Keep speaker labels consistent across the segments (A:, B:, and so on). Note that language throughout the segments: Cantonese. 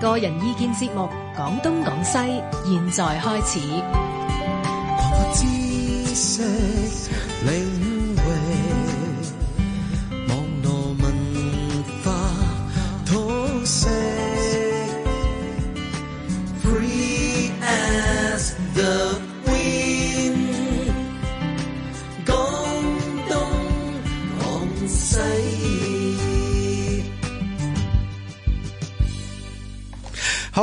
A: 個人意見節目《講東講西》，現在開始。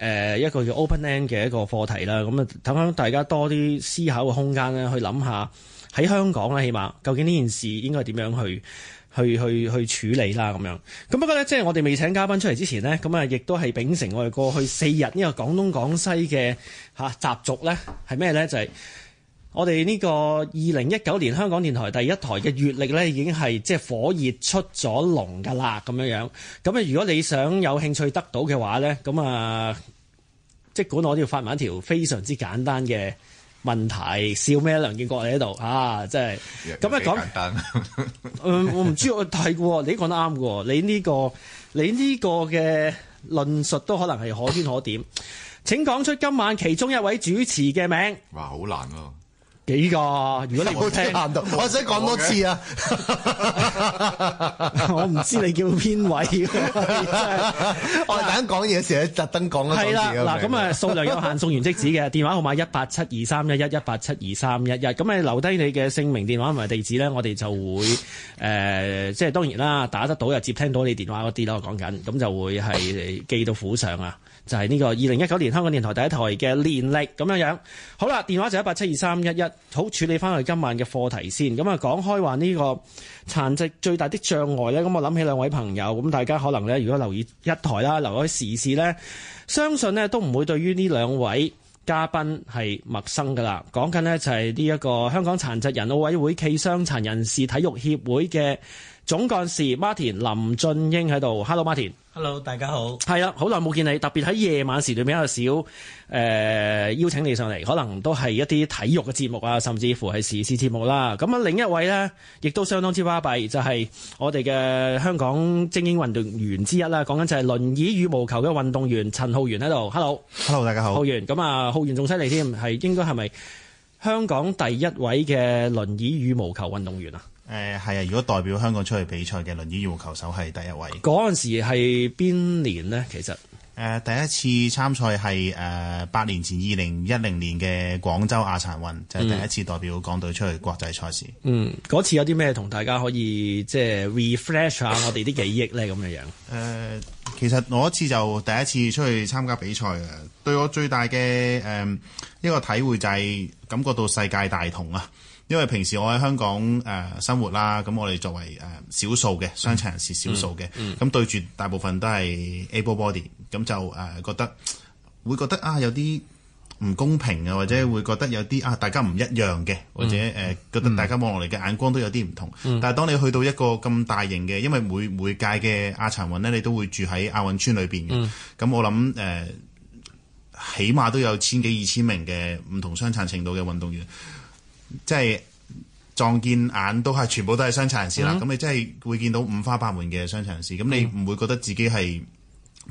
B: 誒一個叫 open end 嘅一個課題啦，咁啊，等大家多啲思考嘅空間咧，去諗下喺香港咧，起碼究竟呢件事應該點樣去去去去處理啦咁樣。咁不過咧，即係我哋未請嘉賓出嚟之前呢，咁啊，亦都係秉承我哋過去四日呢個廣東廣西嘅嚇習俗咧，係咩咧？就係、是。我哋呢個二零一九年香港電台第一台嘅月曆咧，已經係即係火熱出咗籠㗎啦。咁樣樣咁啊，如果你想有興趣得到嘅話咧，咁啊，即管我都要發埋一條非常之簡單嘅問題。笑咩梁建國你喺度啊？真係咁啊，講誒，我唔知我睇過，你講得啱嘅，你呢個你呢個嘅論述都可能係可圈可點。 請講出今晚其中一位主持嘅名。哇，好難啊。幾個？如果你唔聽，難道我使講多次啊？ 我唔知你叫邊位。
C: 是 我等然講嘢嘅時候，特登講咗數字。 啦，嗱咁、
B: 嗯、啊，數量有限，送完即止嘅。電話號碼一八七二三一一一八七二三一一，咁啊留低你嘅姓名、電話同埋地址咧，我哋就會誒、呃，即係當然啦，打得到又接聽到你電話嗰啲啦，講緊咁就會係寄到府上啊。就係呢個二零一九年香港電台第一台嘅年曆咁樣樣。好啦，電話就一八七二三一一，好處理返佢今晚嘅課題先。咁、嗯、啊，講開話呢個殘疾最大的障礙呢，咁、嗯、我諗起兩位朋友，咁大家可能呢，如果留意一台啦，留意時事呢，相信呢都唔會對於呢兩位嘉賓係陌生㗎啦。講緊呢，就係呢一個香港殘疾人奧委會暨傷殘人士體育協會嘅。總幹事 Martin 林俊英喺度，Hello Martin。
A: Hello，
D: 大家好。
B: 係啊，好耐冇見你，特別喺夜晚時段比較少誒、呃，邀請你上嚟，可能都係一啲體育嘅節目啊，甚至乎係時事節目啦。咁啊，另一位呢，亦都相當之巴閉，就係、是、我哋嘅香港精英運動員之一啦。講緊就係輪椅羽毛球嘅運動員陳浩源喺度，Hello。Hello，大家好。浩源咁啊，浩源仲犀利添，係應該係咪香港第一位嘅輪椅羽毛球運動員啊？
E: 誒係、呃、啊！如果代表香港出去比賽嘅輪椅羽毛球手係第一位。嗰陣時係邊年呢？其實誒、呃、第一次參賽係誒、呃、八年前二零一零年嘅廣州亞殘運，就係、是、第一次代表港隊出去國際賽事。嗯，
B: 嗰、嗯、次有啲咩同大家
E: 可以即係 refresh 下我哋啲記憶呢？咁嘅樣誒，其實我一次就第一次出去參加比賽啊！對我最大嘅誒一個體會就係感覺到世界大同啊！因為平時我喺香港誒生活啦，咁我哋作為誒少數嘅傷殘人士，少數嘅，咁、嗯、對住大部分都係 able body，咁就誒覺得會覺得啊有啲唔公平嘅，或者會覺得有啲啊大家唔一樣嘅，或者誒、嗯呃、覺得大家望落嚟嘅眼光都有啲唔同。嗯、但係當你去到一個咁大型嘅，因為每每屆嘅亞殘運呢，你都會住喺亞運村裏邊嘅，咁、嗯、我諗誒、呃，起碼都有千幾二千名嘅唔同傷殘程度嘅運動員。即係撞見眼都係全部都係傷殘人士啦，咁、mm hmm. 你真係會見到五花八門嘅傷殘人士，咁你唔會覺得自己係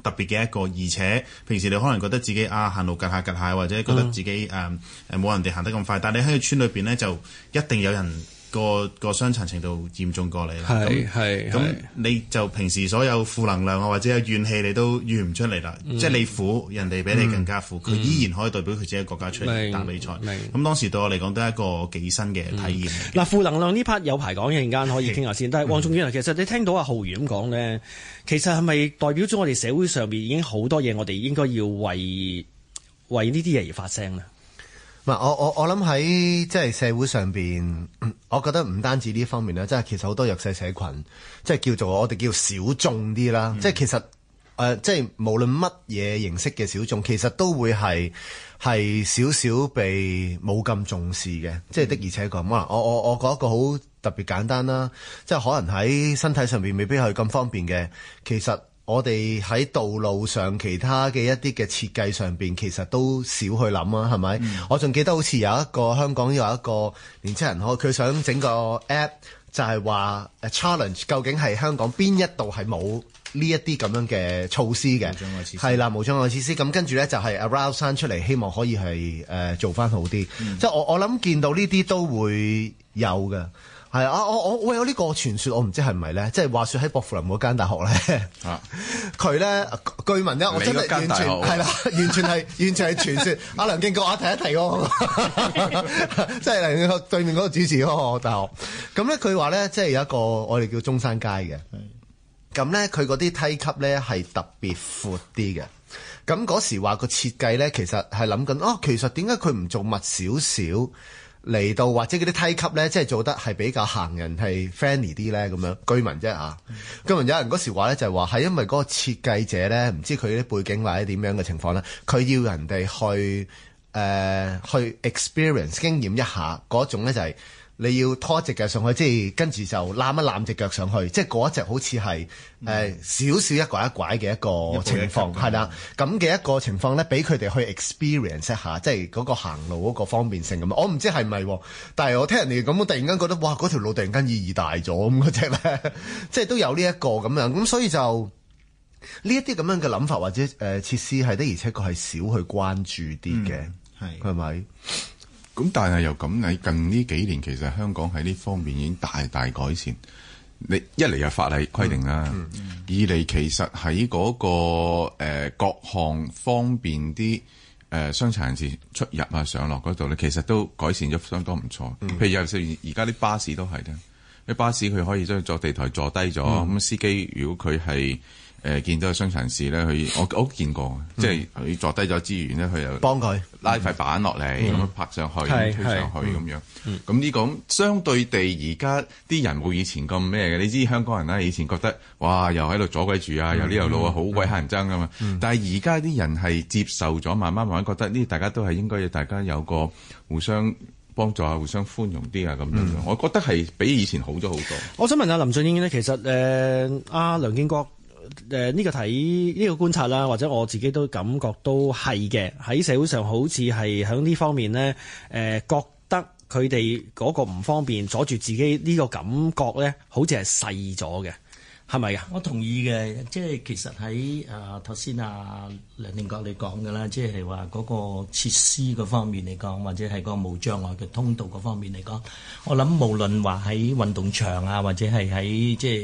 E: 特別嘅一個，mm hmm. 而且平時你可能覺得自己啊行路格下格下，或者覺得自己誒誒冇人哋行得咁快，但係你喺個村裏邊呢，就一定有人。個個傷殘程度嚴重過你啦，咁咁你就平時所有負能量啊或者有怨氣你都怨唔出嚟啦，即係你苦，人哋比你更加苦，佢依然可以代表佢自己國家出嚟打比賽。明，咁當時對我嚟講都係一個幾新嘅體驗。嗱，負能量呢 part 有排講，
B: 一陣間可以傾下先，但係黃仲遠啊，其實你聽到阿浩源咁講咧，其實係咪代表咗我哋社會上邊已經好多嘢我哋應該要為為呢啲嘢而發聲呢？
C: 我我我諗喺，即係社會上邊，我覺得唔單止呢方面啦，即係其實好多弱勢社群，即係叫做我哋叫小眾啲啦、嗯呃。即係其實誒，即係無論乜嘢形式嘅小眾，其實都會係係少少被冇咁重視嘅。嗯、即係的而且確啊，我我我覺得一個好特別簡單啦，即係可能喺身體上邊未必係咁方便嘅，其實。我哋喺道路上其他嘅一啲嘅設計上邊其實都少去諗啊，係咪？Mm hmm. 我仲記得好似有一個香港有一個年青人，可佢想整個 app，就係話 challenge，究竟係香港邊一度係冇呢一啲咁樣嘅措施嘅，無障礙設施，係啦，無障礙設施。咁跟住咧就係、是、around 生出嚟，希望可以係誒、呃、做翻好啲。即係、mm hmm. 我我諗見到呢啲都會有嘅。係啊！我我我有呢個傳說，我唔知係咪咧，即係話說喺薄扶林嗰間大學咧，佢咧據聞咧，我真係完全係啦的， 完全係完全係傳說。阿、 啊、梁敬國，我、啊、提一提我、嗰個， 即係對面嗰個主持嗰個大學。咁咧佢話咧，即係有一個我哋叫中山街嘅，咁咧佢嗰啲梯級咧係特別闊啲嘅。咁嗰時話個設計咧，其實係諗緊哦，其實點解佢唔做密少少？嚟到或者嗰啲梯級咧，即係做得係比較行人係 friendly 啲咧，咁樣居民啫啊，居民、嗯、有人嗰時話咧，就係話係因為嗰個設計者咧，唔知佢啲背景或者點樣嘅情況咧，佢要人哋去誒、呃、去 experience 經驗一下嗰種咧就係、係。你要拖隻腳，腳上去，即係跟住就攬一攬隻腳上去，即係嗰一隻好似係誒少少一拐一拐嘅一個情況，係啦，咁嘅一個情況咧，俾佢哋去 experience 一下，即係嗰個行路嗰個方便性咁。我唔知係咪喎，但係我聽人哋咁，我突然間覺得哇，嗰條路突然間意義大咗咁嗰隻咧，隻 即係都有呢一個咁樣。咁所以就呢一啲咁樣嘅諗法或者誒設施係的，而且確係少去關注啲嘅，係係咪？
F: 咁但係又咁，你近呢幾年，其實香港喺呢方面已經大大改善。你一嚟有法例規定啦，嗯嗯、二嚟其實喺嗰、嗰個、呃、各項方便啲誒傷殘人士出入啊上落嗰度咧，其實都改善咗相當唔錯。嗯、譬如尤其是而家啲巴士都係咧，啲巴士佢可以將佢坐地台坐低咗，咁、嗯嗯、司機如果佢係。誒見到個雙層巴士咧，佢我我見過，即係佢坐低咗資源咧，佢又幫佢拉塊板落嚟咁樣拍上去，推上去咁樣。咁呢個相對地，而家啲人冇以前咁咩嘅。你知香港人咧，以前覺得哇，又喺度阻鬼住啊，又呢條路啊，好鬼乞人憎㗎嘛。但係而家啲人係接受咗，慢慢慢慢覺得呢，大家都係應該要大家有個互相幫助啊，互相寬容啲啊咁樣。我覺得係比以前好咗好多。
B: 我想問下林俊英呢，其實誒阿梁敬國。誒呢個睇呢個觀察啦，或者我自己都感覺都係嘅。喺社會上好似係響呢方面咧，誒、呃、覺得佢哋個唔方便，阻住自己呢個感
D: 覺咧，好似係細咗嘅。係咪啊？是是我同意嘅，即係其實喺誒頭先啊梁敬國你講嘅啦，即係話嗰個設施嗰方面嚟講，或者係個無障礙嘅通道嗰方面嚟講，我諗無論話喺運動場啊，或者係喺即係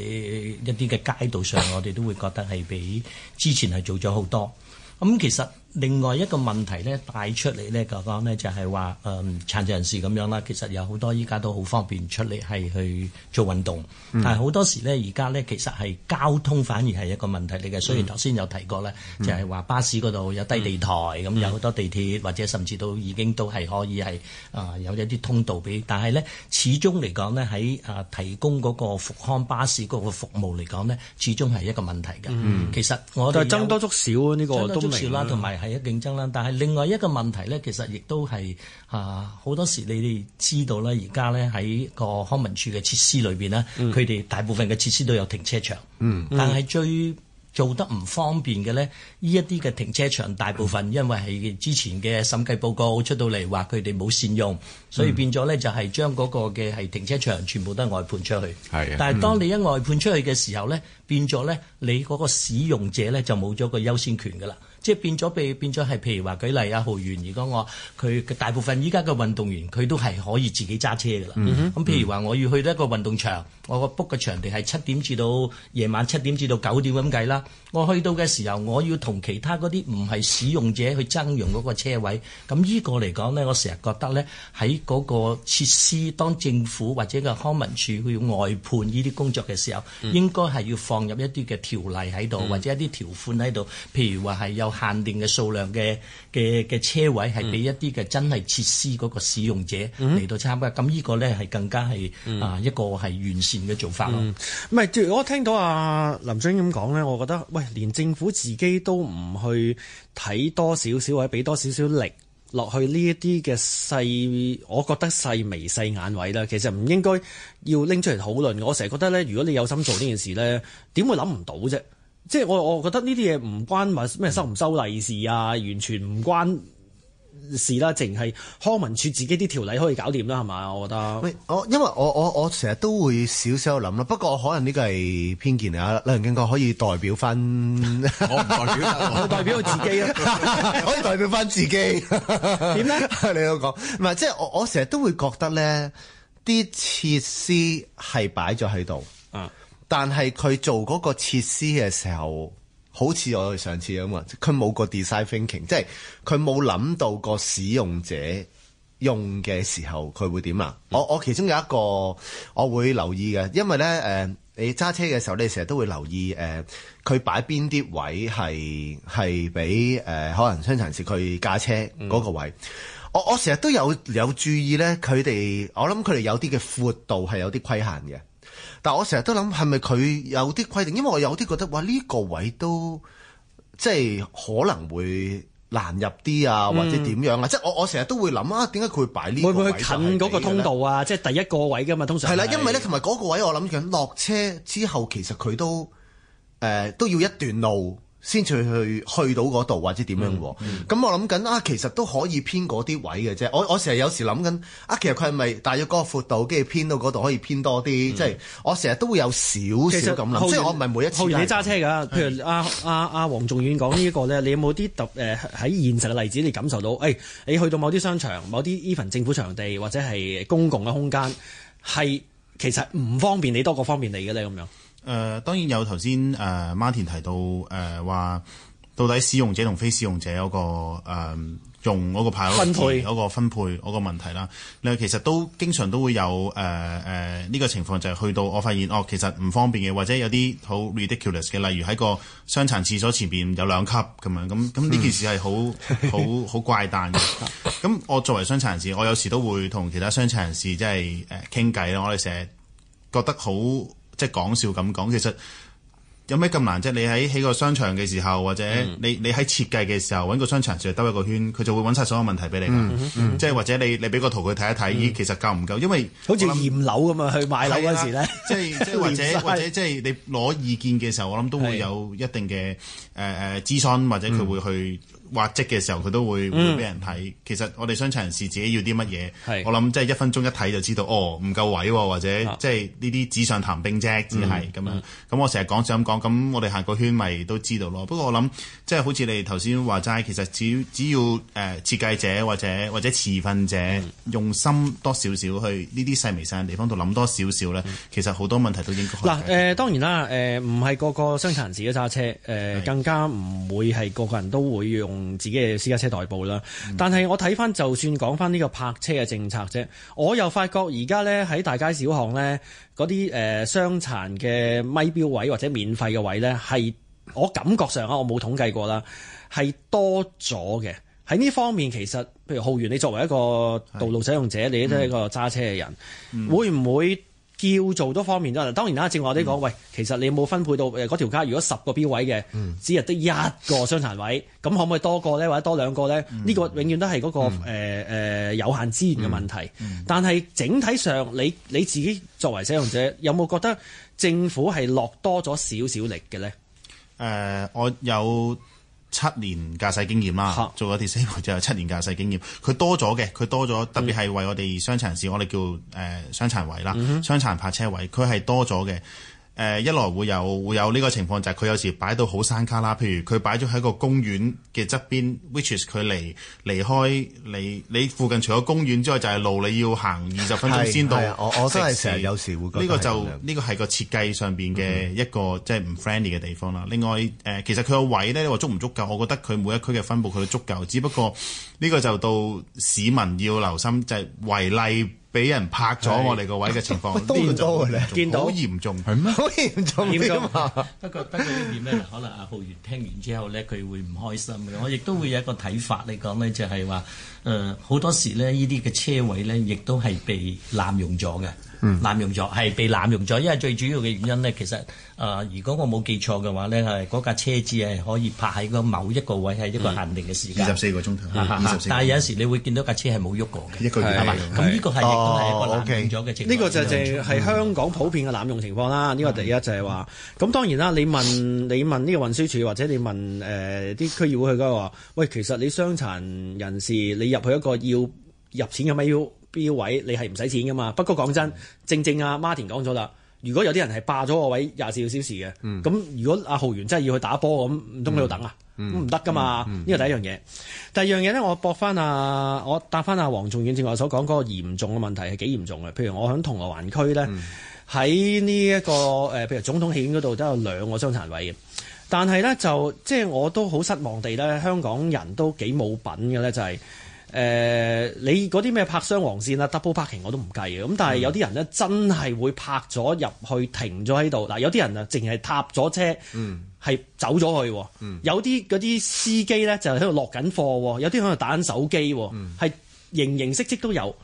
D: 一啲嘅街道上，我哋都會覺得係比之前係做咗好多。咁、嗯、其實。另外一個問題咧，帶出嚟咧，講講咧就係話誒殘疾人士咁樣啦，其實有好多依家都好方便出嚟係去做運動，嗯、但係好多時咧而家咧其實係交通反而係一個問題嚟嘅。雖然頭先有提過咧，嗯、就係話巴士嗰度有低地台，咁、嗯、有好多地鐵或者甚至都已經都係可以係啊、呃、有一啲通道俾，但係咧始終嚟講咧喺啊提供嗰個復康巴士嗰個服務嚟講咧，始終係一個問題嘅。嗯、其實我哋增多足少呢個啦東名，同埋。係一競爭啦，但係另外一個問題咧，其實亦都係啊，好多時你哋知道啦。而家咧喺個康文署嘅設施裏邊咧，佢哋、嗯、大部分嘅設施都有停車場，嗯嗯、但係最做得唔方便嘅咧，呢一啲嘅停車場大部分、嗯、因為係之前嘅審計報告出到嚟話佢哋冇善用，所以變咗咧、嗯、就係將嗰個嘅係停車場全部都係外判出去。係啊，嗯、但係當你一外判出去嘅時候咧，變咗咧你嗰個使用者咧就冇咗個優先權㗎喇。即係變咗變變咗係，譬如話舉例啊，浩源，如果我佢大部分依家嘅運動員，佢都係可以自己揸車㗎啦。咁、mm hmm. 譬如話，我要去到一個運動場，我個 book 嘅場地係七點至到夜晚七點至到九點咁計啦。我去到嘅時候，我要同其他嗰啲唔係使用者去爭用嗰個車位。咁呢個嚟講呢，我成日覺得呢，喺嗰個設施，當政府或者個康文署要外判呢啲工作嘅時候，應該係要放入一啲嘅條例喺度，mm hmm. 或者一啲條款喺度。譬如話係有，限定嘅數量嘅嘅嘅車位係俾一啲嘅真係設施嗰個使用者嚟到參加，咁呢、嗯、個咧係更加係啊一個，係完善嘅做法咯。唔係、嗯，我聽到阿林俊英咁講咧，我覺得喂，連政府
B: 自己都唔去睇多少少，或者俾多少少力落去呢一啲嘅細，我覺得細微細眼位啦，其實唔應該要拎出嚟討論。我成日覺得咧，如果你有心做呢件事咧，點會諗唔到啫？即係我，我覺得呢啲嘢唔關話咩收唔收利是啊，完全唔關事啦、啊，淨係康文署自己啲條例可以搞掂啦，係咪？我覺得。
C: 我因為我我我成日都會少少諗啦，不過可能呢個係偏見嚟啊，梁敬國可以代表翻、 啊，我唔 代表，代表我自己咯、啊 可以代表翻自己 呢。點咧？ 你都講，唔係即係我我成日都會覺得咧，啲設施係擺咗喺度，嗯。但係佢做嗰個設施嘅時候，好似我哋上次咁啊，佢冇個 design thinking，即係佢冇諗到個使用者用嘅時候佢會點啊？嗯、我我其中有一個我會留意嘅，因為咧誒、呃，你揸車嘅時候，你成日都會留意誒，佢、呃、擺邊啲位係係俾誒可能傷殘人士佢駕車嗰個位。嗯、我我成日都有有注意咧，佢哋我諗佢哋有啲嘅闊度係有啲規限嘅。但我成日都諗，係咪佢有啲規定？因為我有啲覺得，哇呢個位都即係可能會難入啲啊，或者點樣啊？嗯、即係我我成日都會諗啊，點解佢會擺呢個位？會唔會佢近嗰個通道啊？即係第一個位噶嘛、啊，通常係啦，因為咧同埋嗰個位我諗緊落車之後，其實佢都誒、呃、都要一段路。先至去去到嗰度或者點樣喎？咁、嗯嗯、我諗緊啊，其實都可以偏嗰啲位嘅啫。我我成日有時諗緊啊，其實佢係咪大約嗰個闊度，跟住偏到嗰度可以偏多啲？即係、嗯就是、我成日都會有少少咁諗實，即係緣我唔係每一次都，你揸車㗎，
B: 是譬如阿阿阿黃仲遠講呢、呢個咧，你有冇啲特誒喺、呃、現實嘅例子，你感受到誒、哎、你去到某啲商場、某啲 even 政府場地或者係公共嘅空間，係其實唔方便你，你多過方便你嘅咧咁樣。
E: 誒、呃、當然有頭先 m 誒 Martin 提到誒話，呃、到底使用者同非使用者有、那個、呃、用嗰個牌有個分配嗰個問題啦。另外配其實都經常都會有誒誒呢個情況，就係去到我發現哦、呃，其實唔方便嘅，或者有啲好 ridiculous 嘅，例如喺個傷殘廁所前邊有兩級咁樣，咁咁呢件事係、嗯、 好好好怪誕嘅。咁我作為傷殘人士，我有時都會同其他傷殘人士即係誒傾偈咯。我哋成日覺得好。即係講笑咁講，其實有咩咁難啫？你喺起個商場嘅時候，或者你你喺設計嘅時候，揾個商場成日兜一個圈，佢就會揾晒所有問題俾你即係、mm hmm. 嗯、或者你你俾個圖佢睇一睇，咦，其實夠唔夠？因為好似驗樓咁想啊，去買樓嗰時咧，即、就、係、是、或者 或者即係、就是、你攞意見嘅時候，我諗都會有一定嘅誒誒諮詢， 嗯、或者佢會去。畫質嘅時候，佢都會會俾人睇。嗯、其實我哋傷殘人士自己要啲乜嘢？是我諗即係一分鐘一睇就知道，哦，唔夠位、啊、或者即係呢啲紙上談兵啫，嗯、只係咁樣。咁我成日講想咁講，咁我哋行個圈咪都知道咯。不過我諗即係好似你頭先話齋，其實只要只要誒、呃、設計者或者或者持份者用心多少少去呢啲細微細嘅地方度諗多少少呢，嗯、其實好多問題都應該
B: 嗱誒、嗯呃、當然啦誒，唔係個個傷殘人士嘅揸車誒，更加唔會係個個人都會用。同自己嘅私家車代步啦，嗯、但係我睇翻，就算講翻呢個泊車嘅政策啫，我又發覺而家咧，喺大街小巷咧，嗰啲誒傷殘嘅咪標位或者免費嘅位咧，係我感覺上啊，我冇統計過啦，係多咗嘅。喺呢方面其實，譬如浩源，你作為一個道路使用者，是你都係一個揸車嘅人，嗯、會唔會？叫做都方便咗，當然啦、啊。正話我哋講，嗯、喂，其實你有冇分配到誒嗰條街？如果十個標位嘅，嗯、只係得一個傷殘位，咁可唔可以多個咧，或者多兩個咧？呢、嗯、個永遠都係嗰、嗰個誒、嗯呃、有限資源嘅問題。嗯嗯、但係整體上，你你自己作為使用者，有冇
E: 覺得政府係落多咗少少力嘅咧？誒、呃，我有。七年駕駛經驗啦，做個司機就有七年駕駛經驗，佢哈多咗嘅，佢多咗，特別係為我哋傷殘人士，嗯、我哋叫誒傷殘位啦，傷殘、嗯、哼泊車位，佢係多咗嘅。誒、呃、一來會有會有呢個情況，就係、是、佢有時擺到好山旮旯，譬如佢擺咗喺個公園嘅側邊 ，which is 佢離離開你你附近除咗公園之外就係路，你要行二十分鐘先到 事。我我都係成日有時會覺得呢個就呢 個係個設計上邊嘅一個即係唔 friendly 嘅地方啦。另外誒、呃，其實佢個位呢你話足唔足夠？我覺得佢每一區嘅分佈佢都足夠，只不過呢個就到市民要留心，就係、是、為例。俾人拍咗我哋個位嘅情況，見到好嚴重，係咩？好嚴重嘅嘛。
A: 不
D: 過，不過呢點咧，可能阿浩源聽完之後咧，佢會唔開心嘅。我亦都會有一個睇法嚟講咧，就係話，誒、呃、好多時咧，呢啲嘅車位咧，亦都係被濫用咗嘅。濫用咗，係被濫用咗，因為最主要嘅原因呢，其實誒，如果我冇記錯嘅話呢，係嗰架車只係可以泊喺個某一個位，係一個限定嘅時間，二十四個鐘頭。但係有時你會見到架車係冇喐過嘅，一個
B: 月係嘛？咁呢個係亦都係一個濫用咗嘅情況。呢個就係係香港普遍嘅濫用情況啦。呢個第一就係話，咁當然啦，你問你問呢個運輸處，或者你問誒啲區議會去嗰度話，喂，其實你傷殘人士你入去一個要入錢嘅咪要？標位你係唔使錢噶嘛？不過講真，正正阿、啊、Martin 講咗啦，如果有啲人係霸咗個位廿四小時嘅，咁、嗯、如果阿浩源真係要去打波，咁唔通喺度等啊？咁唔得噶嘛？呢個、嗯嗯、第一樣嘢。第二樣嘢咧，我駁翻啊，我答翻阿黃仲遠正話所講嗰個嚴重嘅問題係幾嚴重嘅。譬如我喺銅鑼灣區咧，喺呢一個誒、呃，譬如總統戲院嗰度都有兩個傷殘位嘅，但係咧就即係我都好失望地咧，香港人都幾冇品嘅咧，就係、是。誒、呃，你嗰啲咩泊雙黃線啊 double parking 我都唔計嘅。咁但係有啲人咧，真係會泊咗入去停咗喺度。嗱，有啲人啊，淨係踏咗車，係走咗去。有啲嗰啲司機咧，就喺度落緊貨；有啲喺度打緊手機，係、嗯、形形色色都有。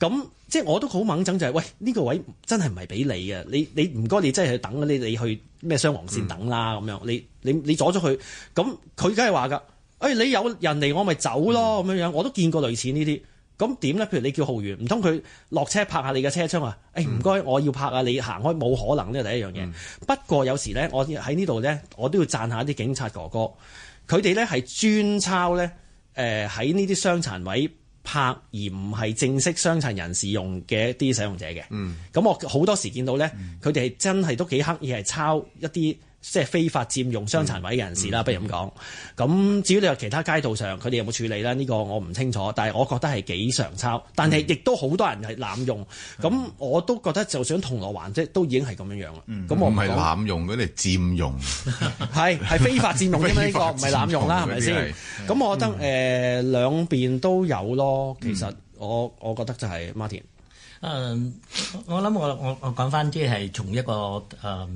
B: 咁即係我都好猛憎就係、是，喂呢、呢個位真係唔係俾你嘅。你你唔該，你，你真係去等你你去咩雙黃線等啦咁、嗯、樣。你你你阻咗去，咁佢梗係話㗎。誒、哎、你有人嚟我咪走咯咁樣樣，嗯、我都見過類似呢啲，咁點咧？譬如你叫浩源，唔通佢落車拍下你嘅車窗啊？誒唔該，我要拍下你行開，冇可能咧。第一樣嘢，嗯、不過有時咧，我喺呢度咧，我都要讚下啲警察哥哥，佢哋咧係專抄咧誒喺呢啲傷殘位拍，而唔係正式傷殘人士用嘅啲使用者嘅。嗯，咁我好多時見到咧，佢哋係真係都幾刻意係抄一啲。即係非法佔用傷殘位嘅人士啦，不如咁講。咁至於你話其他街道上，佢哋有冇處理咧？呢個我唔清楚，但係我覺得係幾常抄，但係亦都好多人係濫用。咁我都覺得就算銅鑼灣啫，都已經係咁樣樣啦。咁我唔係濫
F: 用，嗰啲係佔用，係
B: 係非法佔用啫。呢個唔係濫用啦，係咪先？咁我覺得誒兩邊都有咯。其實
D: 我我覺得就係 Martin。誒，我諗我我我講翻即係從一個誒。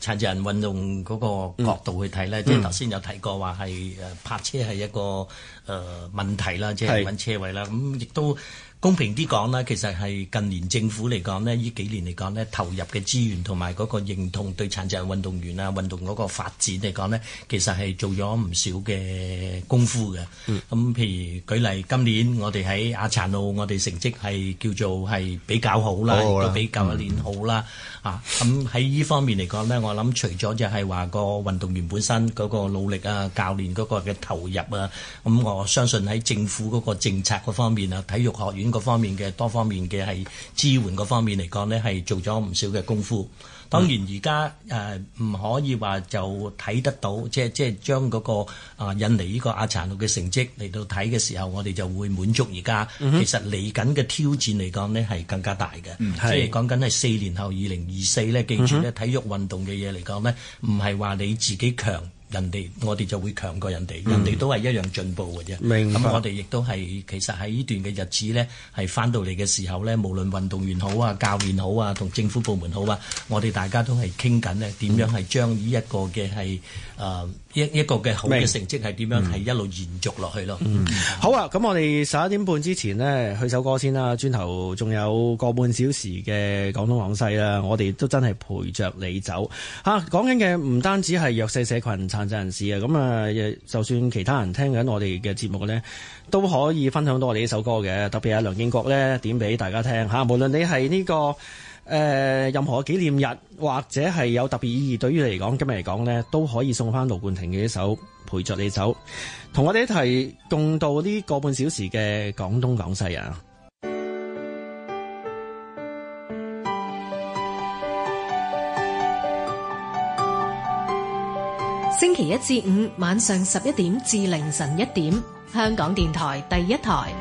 D: 殘疾人運動嗰個角度去睇咧，嗯、即係頭先有提過話係誒泊車係一個誒、呃、問題啦，即係揾車位啦，咁亦是、嗯、都。公平啲講啦，其實係近年政府嚟講咧，依幾年嚟講咧，投入嘅資源同埋個認同對殘疾運動員啊，運動個發展嚟講咧，其實係做咗唔少嘅功夫嘅。嗯，咁譬、嗯、如舉例，今年我哋喺亞殘奧，我哋成績係叫做係比較好啦，都比舊一年好啦。嗯、啊，咁喺依方面嚟講咧，我諗除咗就係話個運動員本身個努力啊，教練個嘅投入啊，咁、嗯、我相信喺政府個政策嗰方面啊，體育學院。 各方面嘅多方面嘅係支援，嗰方面嚟講呢，係做咗唔少嘅功夫。當然而家誒唔可以話就睇得到，即係即係將嗰個啊印尼呢個亞殘運嘅成績嚟到睇嘅時候，我哋就會滿足。而家、嗯、哼其實嚟緊嘅挑戰嚟講呢，係更加大嘅，即係講緊係四年後二零二四呢，2024，記住呢，體育運動嘅嘢嚟講呢，唔係話你自己強。人哋我哋就會強過人哋，嗯、人哋都係一樣進步嘅啫。咁明白、嗯、我哋亦都係其實喺呢段嘅日子呢，係翻到嚟嘅時候呢，無論運動員好啊、教練好啊、同政府部門好啊，我哋大家都係傾緊呢點樣係將呢一個嘅係誒。呃一一個嘅好嘅成績係點樣係、嗯、一路延續落去
B: 咯？嗯，好啊！咁我哋十一點半之前呢，去首歌先啦。轉頭仲有個半小時嘅廣東廣西啦，我哋都真係陪着你走嚇、啊。講緊嘅唔單止係弱勢社群、殘疾人士啊，咁啊，就算其他人聽緊我哋嘅節目呢，都可以分享到我哋呢首歌嘅。特別係梁敬國呢，點俾大家聽嚇、啊？無論你係呢、這個。誒，任何嘅紀念日或者係有特別意義對於你嚟講，今日嚟講呢，都可以送翻盧冠廷嘅一首《陪着你走》，同我哋一齊共度呢個半小時嘅講東講西啊！
A: 星期一至五晚上十一點至凌晨一點，香港電台第一台。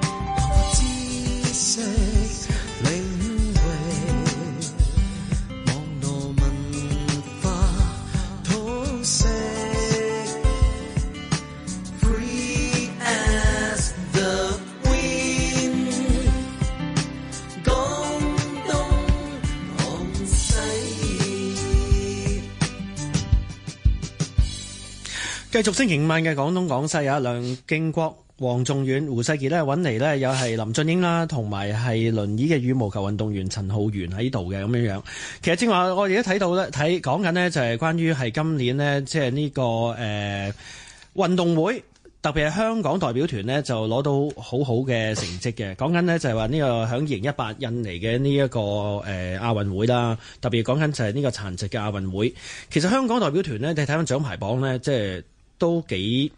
B: 繼續星期五晚嘅廣東廣西，有梁敬國、黃仲遠、胡世傑咧揾嚟咧，又係林俊英啦，同埋係輪椅嘅羽毛球運動員陳浩源喺度嘅咁樣樣。其實正話，我哋而家睇到咧，睇講緊咧就係關於係今年咧，即係呢個誒運動會，特別係香港代表團咧就攞到好好嘅成績嘅。講緊咧就係話呢個響二零一八印尼嘅呢一個誒亞運會啦，特別講緊就係呢個殘疾嘅亞運會。其實香港代表團咧，你睇翻獎牌榜咧，即係。都幾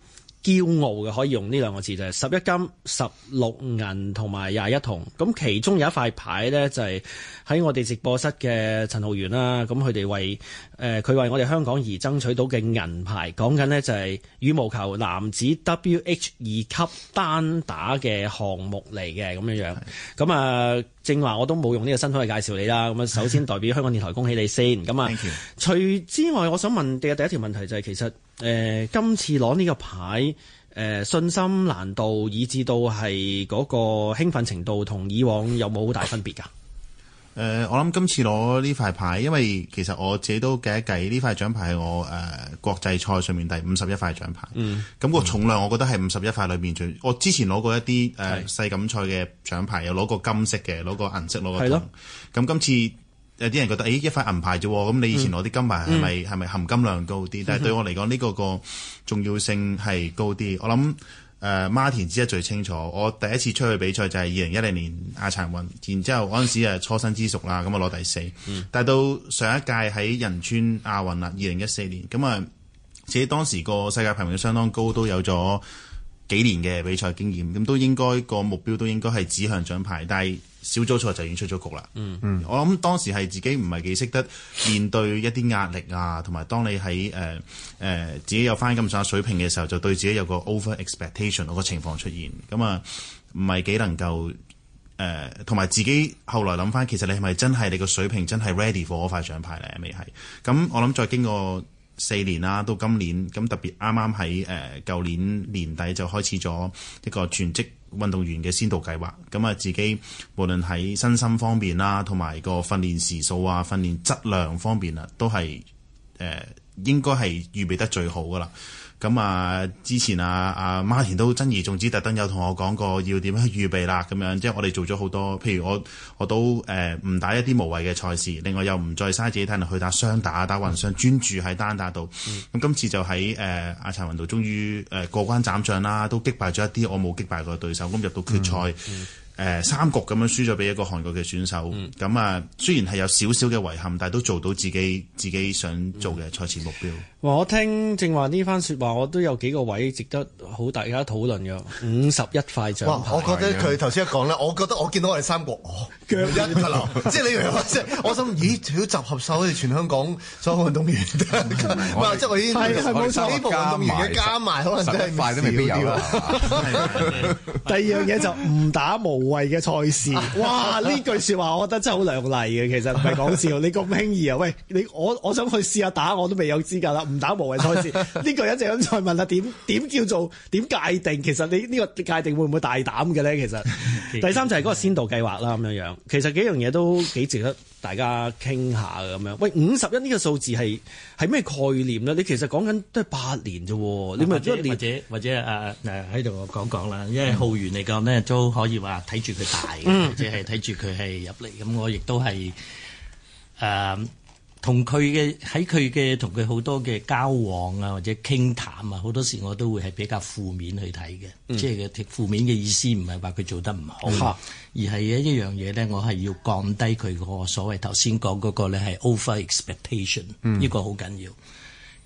B: 驕傲嘅，可以用呢兩個字就係十一金、十六銀同埋廿一銅。咁其中有一塊牌咧，就係、是、喺我哋直播室嘅陳浩源啦。咁佢哋為誒佢、呃、為我哋香港而爭取到嘅銀牌，講緊咧就係羽毛球男子 WH 二級單打嘅項目嚟嘅咁樣樣，咁的啊，正話我都冇用呢個身份去介紹你啦。咁啊，首先代表香港電台恭喜你先。咁的啊，Thank you. 除之外，我想問嘅第一條問題就係、是、其實。誒、呃，今次攞呢個牌，誒、呃，信心難度以至到係嗰個興奮程度，
E: 同以往有冇好大分別噶？誒、呃，我諗今次攞呢塊牌，因為其實我自己都計一計，呢塊獎牌係我誒、呃、國際賽上面第五十一塊獎牌。嗯。咁個重量，我覺得係五十一塊裏面最。嗯嗯、我之前攞過一啲誒世錦賽嘅獎牌，又攞過金色嘅，攞過銀色，攞過銅。係咯的。咁今次。有啲人覺得，誒、欸、一塊銀牌啫，咁你以前攞啲金牌係咪係咪含金量高啲？但係對我嚟講，呢、這個個重要性係高啲。我諗誒、呃、Martin 知得最清楚。我第一次出去比賽就係二零一零年亞殘運，然之後嗰陣時係初生之犢啦，咁我攞第四。嗯、但係到上一屆喺仁川亞運啦，二零一四年，咁啊，自己當時個世界排名都相當高，都有咗。幾年嘅比賽經驗，咁都應該個目標都應該係指向獎牌，但係小組賽就已經出咗局啦。嗯嗯，我諗當時係自己唔係幾識得面對一啲壓力啊，同埋當你喺誒誒自己有翻咁上下水平嘅時候，就對自己有個 over expectation 嗰個情況出現，咁啊唔係幾能夠誒，同埋，呃，自己後來諗翻，其實你係咪真係你個水平真係 ready for 嗰塊獎牌咧？未係，咁我諗再經過。四年啦，到今年咁特別，啱啱喺誒舊年年底就開始咗一個全職運動員嘅先導計劃。咁啊，自己無論喺身心方面啦，同埋個訓練時數啊、訓練質量方面啊，都係誒、呃、應該係預備得最好㗎喇。咁啊，之前啊啊馬田都珍而重之，特登有同我講過要點樣預備啦，咁樣即係我哋做咗好多，譬如我我都誒唔、呃、打一啲無謂嘅賽事，另外又唔再嘥自己體能去打雙打，打混雙，專注喺單打度。咁、嗯、今次就喺誒阿陳雲度，終於誒過關斬將啦，都擊敗咗一啲我冇擊敗過嘅對手。咁入到決賽。嗯嗯誒三局咁樣輸咗俾一個韓國嘅選手，咁啊、嗯、雖然係有少少嘅遺憾，但係都做到自己自己想做嘅賽前目標。
B: 我聽正話呢番説話，我都有幾個位值得好大家討論嘅。五十一塊獎牌。哇！我覺得佢
C: 頭先一講咧，我覺得我見到我係三國我腳印嘅啦，哦、即係你樣嘢，即係我心咦？如果集合曬好似全香港所有運動員，即係我，我已經動員加加埋十,十塊都未必有。第二樣嘢就唔打無。無謂嘅
B: 賽事，哇！呢 句說話，我覺得真係好良麗嘅。其實唔係講笑， 你咁輕易啊？喂，你我我想去試下打，我都未有資格啦。唔打無謂賽事，呢個 一直咁再問啦。點點叫做點界定？其實你呢個界定會唔會大膽嘅咧？其實 第三就係嗰個先導計劃啦，咁樣樣，其實幾樣嘢都幾值得。大家傾下咁樣，喂，五十一呢個數字係係咩概念呢？你其實講緊都係八年啫，你咪一年或者
D: 或者誒誒喺度我講講啦，因為、呃呃、浩源嚟講呢，都可以話睇住佢大，即係睇住佢係入嚟。咁我亦都係誒。呃同佢嘅喺佢嘅同佢好多嘅交往啊，或者傾談，談啊，好多時我都會係比較負面去睇嘅，嗯、即係嘅負面嘅意思唔係話佢做得唔好，嗯、而係一一樣嘢呢，我係要降低佢個所謂頭先講嗰個咧係 over expectation，呢、嗯、個好緊要。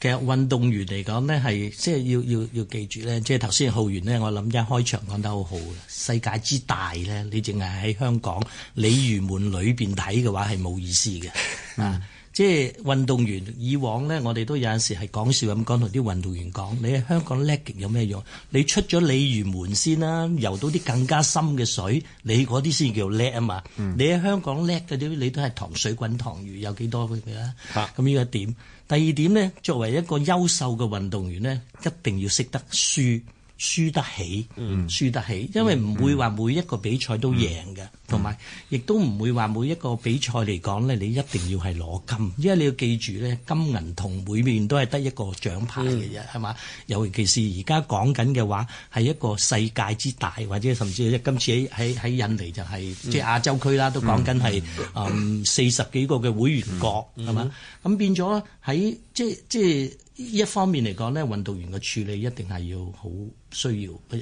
D: 其實運動員嚟講呢，係即係要要要記住呢，即係頭先浩源呢，我諗一開場講得好好，世界之大呢，你淨係喺香港鯉魚門裏邊睇嘅話係冇意思嘅啊。嗯即係運動員，以往咧，我哋都有陣時係講笑咁講同啲運動員講：你喺香港叻有咩用？你出咗鯉魚門先啦，游到啲更加深嘅水，你嗰啲先叫叻啊嘛！你喺香港叻嗰啲，你都係糖水滾糖魚，有幾多嘅啦？咁呢個點？第二點咧，作為一個優秀嘅運動員咧，一定要識得輸。輸得起，嗯、輸得起，因為唔會話每一個比賽都贏嘅，同埋、嗯、亦都唔會話每一個比賽嚟講咧，你一定要係攞金。因為你要記住呢金銀銅每面都係得一個獎牌嘅啫，係嘛、嗯？尤其是而家講緊嘅話，係一個世界之大，或者甚至今次喺喺喺印尼就係即係亞洲區啦，都講緊係誒四十幾個嘅會員國，係嘛、嗯？咁、嗯嗯、變咗喺即係即係。即即即一方面嚟講咧，運動員嘅處理一定係要好需要嘅。咁、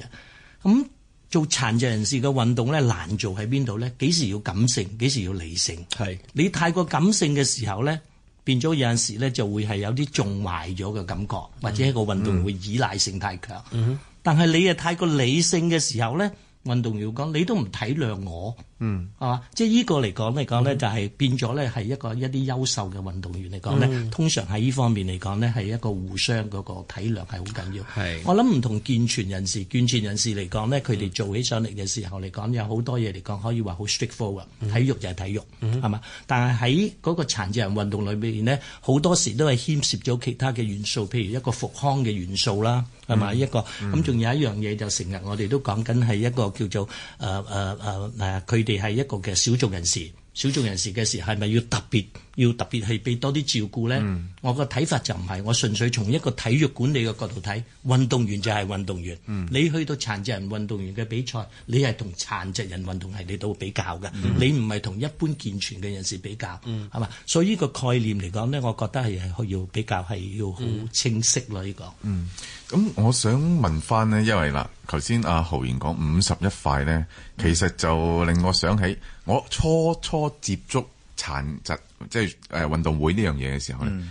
D: 嗯、做殘疾人士嘅運動咧，難做喺邊度咧？幾時要感性？幾時要理性？係是你太過感性嘅時候咧，變咗有陣時咧就會係有啲縱壞咗嘅感覺，或者個運動會依賴性太強。嗯哼，但係你誒太過理性嘅時候咧。運動員講你都唔體諒我，
A: 嗯，
D: 啊，即係呢個嚟講嚟講咧，就係、是、變咗呢係一個一啲優秀嘅運動員嚟講呢、嗯、通常喺呢方面嚟講呢係一個互相嗰個體諒係好緊要。係是，我諗唔同健全人士、健全人士嚟講呢佢哋做起上嚟嘅時候嚟講，有好多嘢嚟講可以話好 strict forward 體育就係體育，係嘛、嗯？但係喺嗰個殘疾人運動裏面呢，好多時都係牽涉咗其他嘅元素，譬如一個復康嘅元素啦。係咪一個，咁、mm，仲、hmm. mm hmm. 有一樣嘢就成日我哋都講緊係一個叫做誒誒誒誒佢哋係一個嘅少數人士。小眾人士嘅事係咪要特別要特別係俾多啲照顧呢？嗯、我個睇法就唔係，我純粹從一個體育管理嘅角度睇，運動員就係運動員。嗯、你去到殘疾人運動員嘅比賽，你係同殘疾人運動員你都比較嘅，嗯、你唔係同一般健全嘅人士比較，係嘛、嗯？所以呢個概念嚟講呢，我覺得係係要比較係要好清晰咯。呢個嗯，
F: 咁、嗯、我想問翻呢，因為嗱，頭先阿浩源講五十一塊呢，其實就令我想起。我初初接觸殘疾即係誒運動會呢樣嘢嘅時候咧，嗯、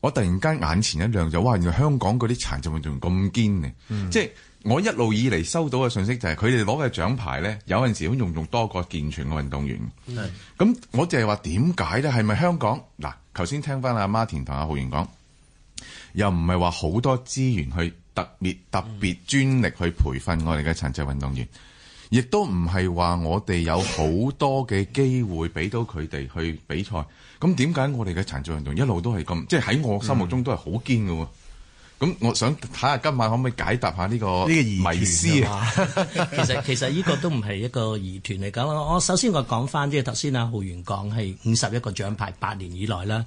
F: 我突然間眼前一亮就哇！原來香港嗰啲殘疾運動員咁堅嘅，嗯、即係我一路以嚟收到嘅信息就係、是，佢哋攞嘅獎牌咧，有陣時都仲仲多過健全嘅運動員。係咁是，我淨係話點解咧？係咪香港嗱？頭先聽翻阿 Martin 同阿浩源講，又唔係話好多資源去特別特別專力去培訓我哋嘅殘疾運動員。嗯亦都唔係話我哋有好多嘅機會俾到佢哋去比賽，咁點解我哋嘅殘障運動一路都係咁，即係喺我心目中都係好堅㗎喎。咁我想睇下今晚可唔可以解答下呢個呢個迷思啊？
D: 其實其實呢個都唔係一個疑團嚟講，我首先我講翻即係頭先阿浩源講係五十一個獎牌八年以來啦，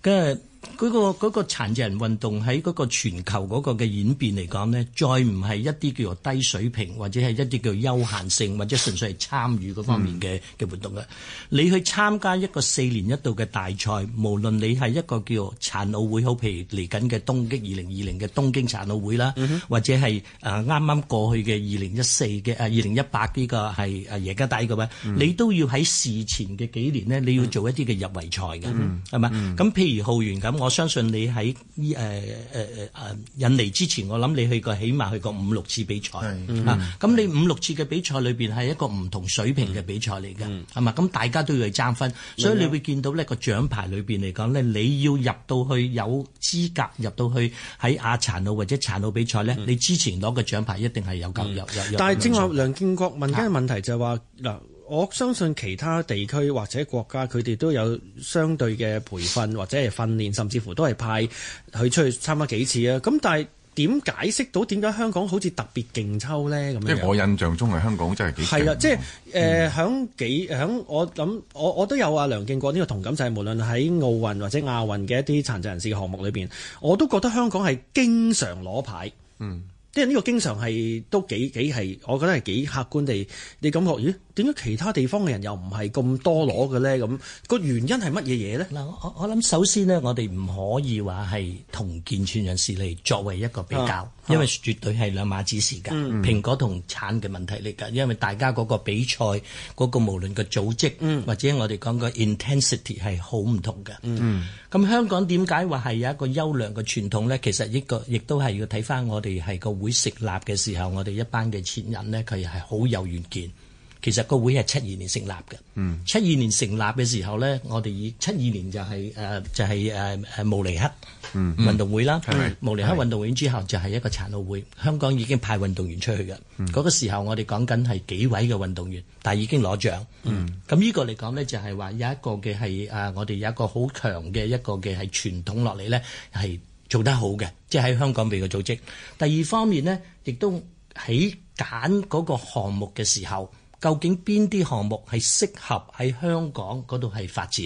D: 跟住，嗰個嗰個殘疾人運動喺嗰個全球嗰個嘅演變嚟講呢，再唔係一啲叫做低水平，或者係一啲叫休閒性，或者純粹係參與嗰方面嘅嘅活動嘅。你去參加一個四年一度嘅大賽，無論你係一個叫殘奧會，好譬如嚟緊嘅東京二零二零嘅東京殘奧會啦，或者係誒啱啱過去嘅二零一四嘅誒二零一八呢個係誒而家大嘅話，啊 mm hmm. 你都要喺事前嘅幾年呢，你要做一啲嘅入圍賽嘅，係咪？咁譬如浩源咁我相信你喺誒誒誒引嚟之前，我諗你去過起碼去過五六次比賽。係，咁你五六次嘅比賽裏邊，係一個唔同水平嘅比賽嚟嘅，係嘛？咁大家都要去爭分，所以你會見到呢個獎牌裏邊嚟講，咧，你要入到去有資格入到去喺亞殘奧或者殘奧比賽呢，你之前攞個獎牌一定係有夠入入。但係正話，
B: 梁建國問緊嘅問題就係話，我相信其他地區或者國家，佢哋都有相對嘅培訓或者係訓練，甚至乎都係派佢出去參加幾次啊！咁但係點解釋到點解香港好似特別勁抽呢？咁樣即係我印
F: 象中係香港真係幾係啦，
B: 即係誒響幾響，我諗我我都有阿梁敬國呢個同感，就係無論喺奧運或者亞運嘅一啲殘疾人士嘅項目裏邊，我都覺得香港係經常攞牌。嗯。即係呢個經常係都幾幾係，我覺得係幾客觀地，你感覺，咦？點解其他
D: 地方嘅人又唔係咁多攞嘅咧？咁、那個原因係乜嘢嘢咧？嗱，我我諗首先呢，我哋唔可以話係同健全人士嚟作為一個比較。嗯因為絕對係兩碼子事，嗯、蘋果同橙嘅問題嚟㗎。因為大家嗰個比賽嗰、嗰個無論個組織，嗯、或者我哋講個 intensity 係好唔同嘅。咁、嗯、香港點解話係有一個優良嘅傳統咧？其實一個亦都係要睇返我哋係個會成立嘅時候，我哋一班嘅前人咧，佢係好有遠見。其實個會係七二年成立嘅。七二年成立嘅時候咧，我哋以七二年就係誒就係誒誒慕尼黑運動會啦。慕尼黑運動會之後就係一個殘奧會，香港已經派運動員出去嘅嗰個時候，我哋講緊係幾位嘅運動員，但係已經攞獎。咁依個嚟講咧，就係話有一個嘅係誒，我哋有一個好強嘅一個嘅係傳統落嚟咧，係做得好嘅，即係喺香港嚟嘅組織。第二方面咧，亦都喺揀嗰個項目嘅時候。究竟邊啲項目係適合喺香港嗰度係發展？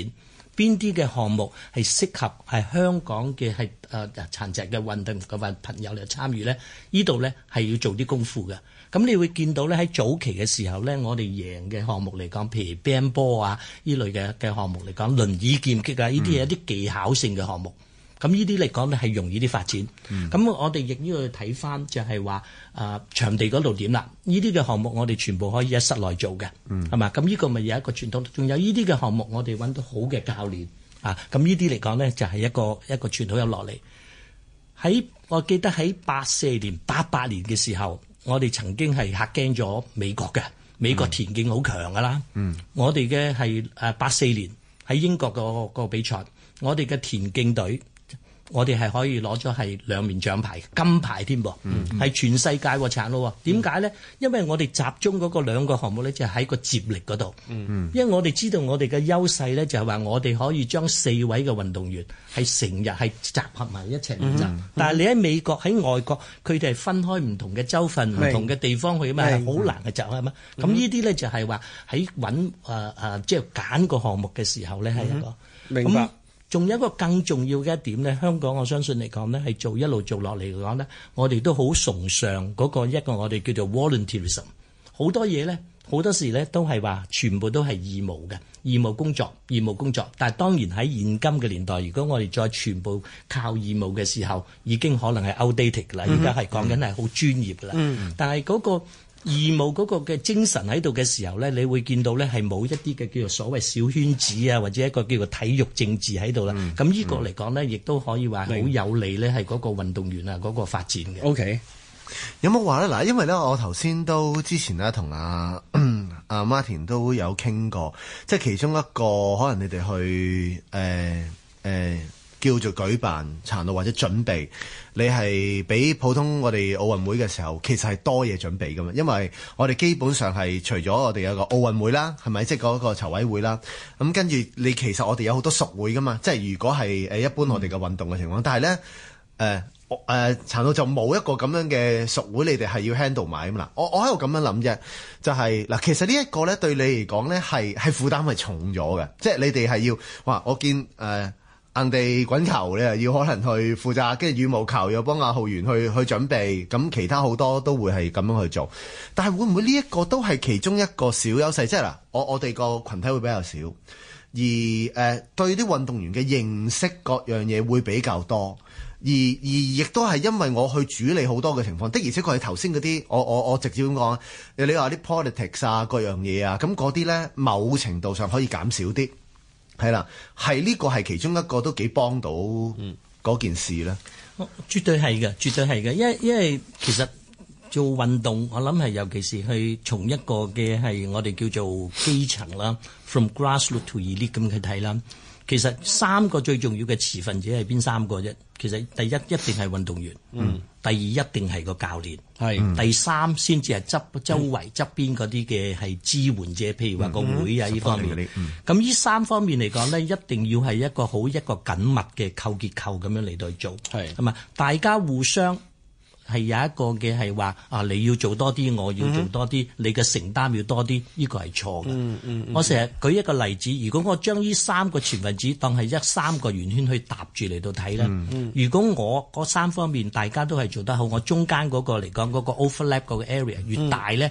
D: 邊啲嘅項目係適合係香港嘅係誒殘疾嘅運動員嘅朋友嚟參與呢？呢度呢係要做啲功夫嘅。咁你會見到呢，喺早期嘅時候呢，我哋贏嘅項目嚟講，譬如兵波啊呢類嘅嘅項目嚟講，輪椅劍擊啊呢啲係，一啲技巧性嘅項目。嗯咁呢啲嚟講呢，係容易啲發展。咁、嗯、我哋亦都要睇返，就係話啊場地嗰度點啦。呢啲嘅項目我哋全部可以喺室內做嘅，係嘛、嗯？咁呢個咪有一個傳統。仲有呢啲嘅項目，我哋搵到好嘅教練啊。咁呢啲嚟講呢，就係、是、一個一個傳統有落嚟。喺我記得喺八四年、八八年嘅時候，我哋曾經係嚇驚咗美國嘅美國田徑好強㗎啦。嗯嗯、我哋嘅係誒八四年喺英國嗰個比賽，我哋嘅田徑隊。我哋係可以攞咗係兩面獎牌，金牌添噃，係全世界個產咯。點解咧？因為我哋集中嗰個兩個項目咧，就喺個接力嗰度。因為我哋知道我哋嘅優勢咧，就係話我哋可以將四位嘅運動員係成日係集合埋一齊練習。嗯嗯嗯、但係你喺美國喺外國，佢哋係分開唔同嘅州份、唔同嘅地方去嘅嘛，係好白難嘅集合嘛。咁呢啲咧就係話喺揾啊啊，即係揀個項目嘅時候咧，係、嗯、一個明白。嗯仲有一個更重要嘅一點咧，香港我相信嚟講咧，係做一路做落嚟嚟講咧，我哋都好崇尚嗰個一個我哋叫做 volunteerism，好多嘢咧，好多時咧都係話全部都係義務嘅義務工作，義務工作。但係當然喺現今嘅年代，如果我哋再全部靠義務嘅時候，已經可能係 outdated 啦，而家係講緊係好專業啦。嗯，嗯，嗯、但係嗰、嗰個。義務嗰個嘅精神喺度嘅時候呢，你會見到呢，係冇一啲嘅叫做所謂小圈子啊，或者一個叫做體育政治喺度啦。咁呢、嗯、個嚟講呢，嗯、亦都可以話好有利呢係嗰個運動員啊嗰個發展嘅。嗯、OK，
C: 有冇話呢？嗱，因為呢，我頭先都之前咧同、啊、阿阿、啊、Martin 都有傾過，即係其中一個可能你哋去誒誒。呃呃叫做舉辦殘奧或者準備，你係比普通我哋奧運會嘅時候，其實係多嘢準備㗎嘛。因為我哋基本上係除咗我哋有個奧運會啦，係咪？即係嗰個籌委會啦。咁、嗯、跟住你其實我哋有好多屬會㗎嘛。即係如果係誒一般我哋嘅運動嘅情況，但係咧誒誒殘奧就冇一個咁樣嘅屬會，你哋係要 handle 埋嘛，啦。我我喺度咁樣諗啫，就係、是、嗱，其實呢一個咧對你嚟講咧係係負擔係重咗嘅，即係你哋係要哇，我見誒。呃硬地滾球你要可能去負責，跟住羽毛球又幫阿浩源去去準備，咁其他好多都會係咁樣去做。但係會唔會呢一個都係其中一個小優勢？即係嗱，我我哋個群體會比較少，而誒、呃、對啲運動員嘅認識各樣嘢會比較多，而而亦都係因為我去處理好多嘅情況，的而且確係頭先嗰啲，我我我直接咁講你你話啲 politics 啊，各樣嘢啊，咁嗰啲呢，某程度上可以減少啲。係啦，係呢個係其中一個都幾幫到嗰件事啦。絕對係嘅，絕對係嘅，因因為其實
D: 做運動，我諗係尤其是去從一個嘅係我哋叫做基層啦，from grassroots to elite 咁去睇啦。其實三個最重要嘅持份者係邊三個啫？其實第一一定係運動員，嗯，第二一定係個教練，係、嗯，第三先至係執周圍側邊嗰啲嘅係支援者，譬如話個會啊呢、嗯嗯、方面。咁呢、嗯、三方面嚟講呢，一定要係一個好一個緊密嘅構結構咁樣嚟到去做，係是，咁啊，大家互相。係有一個嘅係話啊，你要做多啲，我要做多啲，mm hmm. 你嘅承擔要多啲，呢、呢個係錯嘅。
A: Mm hmm. 我成日
D: 舉一個例子，如果我將呢三個全分子當係一三個圓圈去搭住嚟到睇咧，mm hmm. 如果我嗰三方面大家都係做得好，我中間嗰個嚟講嗰個 overlap 嗰個 area 越大咧。Mm hmm. 呢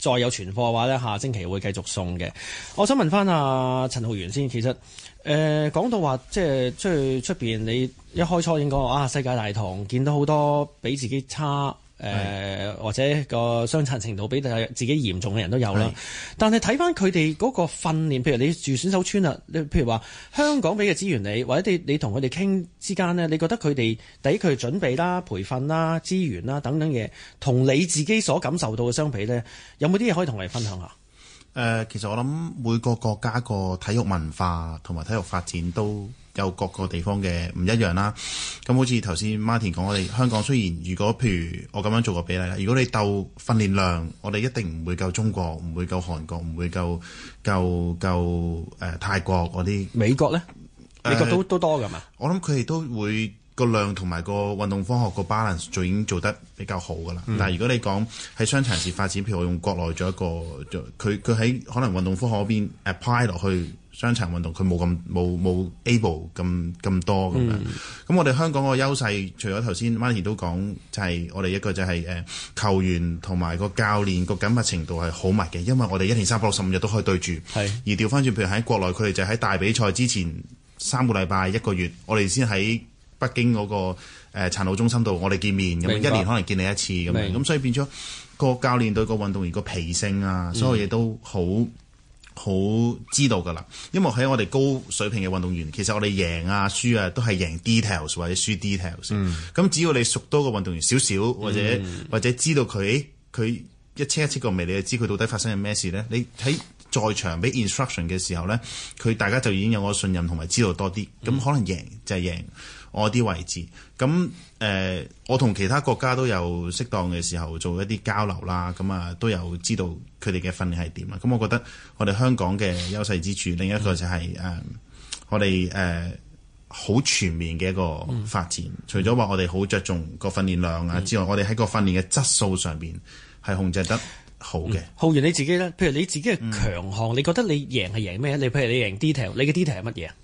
B: 再有存貨嘅話咧，下星期會繼續送嘅。我想問翻阿、啊、陳浩源先，其實誒、呃、講到話即係出去出邊，你一開初應該啊世界大同見到好多比自己差。誒、呃、或者個傷殘程度比自己嚴重嘅人都有啦，是但係睇翻佢哋嗰個訓練，譬如你住選手村啦，你譬如話香港俾嘅資源你，或者你你同佢哋傾之間呢，你覺得佢哋抵佢準備啦、培訓啦、資源啦等等嘢，同你自己所感受到嘅相比呢，有冇啲嘢可以同你分享啊？
E: 誒、呃，其實我諗每個國家個體育文化同埋體育發展都，有各個地方嘅唔一樣啦，咁好似頭先 Martin 講，我哋香港雖然，如果譬如我咁樣做個比例啦，如果你鬥訓練量，我哋一定唔會夠中國，唔會夠韓國，唔會夠夠夠誒、呃、泰國嗰啲。美國咧，呃、美國都都多㗎嘛？我諗佢哋都會個量同埋個運動科學個 balance 就已經做得比較好㗎啦。嗯、但係如果你講喺雙層次發展，譬如我用國內做一個，佢佢喺可能運動科學嗰邊 apply 落去。傷殘運動佢冇咁冇冇 able 咁，咁多咁樣，咁、嗯嗯、我哋香港個優勢，除咗頭先 Marty 都講，就係、是、我哋一個就係、是、誒、呃、球員同埋個教練個緊密程度係好密嘅，因為我哋一年三百六十五日都可以對住，是而調翻轉，譬如喺國內，佢哋就喺大比賽之前三個禮拜一個月，我哋先喺北京嗰個誒殘奧中心度，我哋見面咁白，一年可能見你一次咁，咁白所以變咗個教練對個運動員個脾性啊，所有嘢都好。嗯好知道㗎喇，因為喺我哋高水平嘅運動員，其實我哋贏啊、輸啊，都係贏 details 或者輸 details。咁、嗯、只要你熟多個運動員少少，或者、嗯、或者知道佢佢一車一車個未，你就知佢到底發生緊咩事咧。你喺在，在場俾 instruction 嘅時候咧，佢大家就已經有個信任同埋知道多啲，咁可能贏就係贏。我啲位置，咁誒，我同其他國家都有適當嘅時候做一啲交流啦，咁啊都有知道佢哋嘅訓練係點啊，咁我覺得我哋香港嘅優勢之處，另一個就係誒我哋誒好全面嘅一個發展。除咗話我哋好着重個訓練量啊之外，我哋喺個訓練嘅質素上邊係控制得好嘅。浩源你自己咧，譬如你自己嘅強項，你覺得你贏係贏咩？你譬如你贏 detail，你嘅 detail 係乜嘢啊？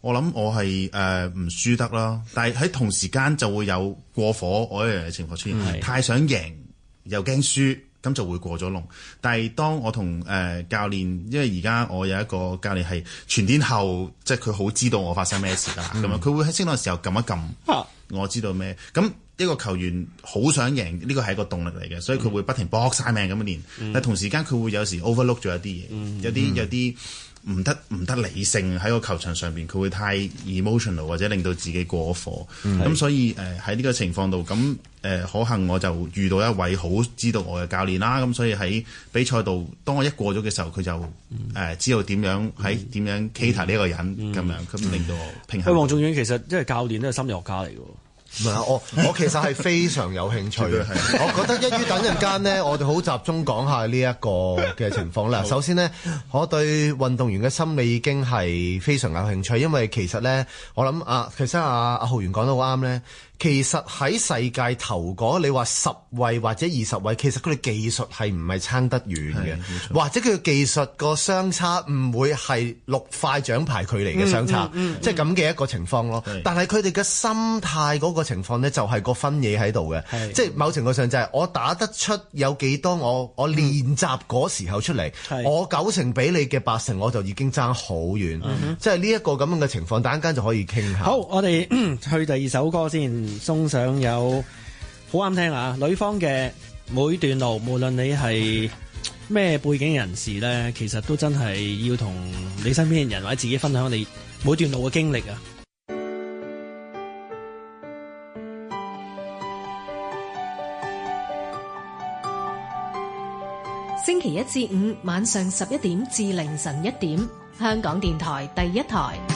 E: 我諗我係誒唔輸得囉，但係喺同時間就會有過火我一樣嘅情況出現。嗯、太想贏又驚輸，咁就會過咗龍。但係當我同誒、呃、教練，因為而家我有一個教練係全天候，即係佢好知道我發生咩事噶，咁、嗯、啊，佢會喺升檔嘅時候撳一撳，我知道咩。咁一個球員好想贏，呢個係一個動力嚟嘅，所以佢會不停搏晒命咁樣練，嗯、但同時間佢會有時 overlook 咗一啲嘢，嗯，有啲有啲。有唔得唔得理性喺個球場上邊，佢會太 emotional 或者令到自己過火。咁、嗯、所以誒喺呢個情況度，咁誒可幸我就遇到一位好知道我嘅教練啦。咁所以喺比賽度，當我一過咗嘅時候，佢就誒、呃、知道點樣，喺點、嗯、樣 cater 呢、嗯、個人咁樣，咁令到我平衡。去黃、嗯嗯嗯、仲遠其實因為教練都係心理學家嚟㗎。唔係，我
C: 我其實係非常有興趣，我覺得一於等陣間呢，我哋好集中講下呢一個嘅情況啦。的首先呢，我對運動員嘅心理已經係非常有興趣，因為其實呢，我諗啊，其實啊，阿浩源講得好啱呢。其實喺世界頭嗰，你話十位或者二十位，其實佢哋技術係唔係差得遠嘅，或者佢嘅技術個相差唔會係六塊獎牌距離嘅相差，即係咁嘅一個情況咯。是但係佢哋嘅心態嗰個情況呢，就係個分野喺度嘅，即係是某程度上就係我打得出有幾多我，我我練習嗰時候出嚟，嗯、我九成俾你嘅八成，我就已經差好遠，即係呢一個咁樣嘅情況，等陣間就可以傾下。
B: 好，我哋去第二首歌先。送上有好啱聽啊，女方嘅每段路，無論你係咩背景人士呢，其實都真係要同你身邊嘅人或者自己分享你每段路嘅經歷啊！
A: 星期一至五晚上十一點至凌晨一點，香港電台第一台。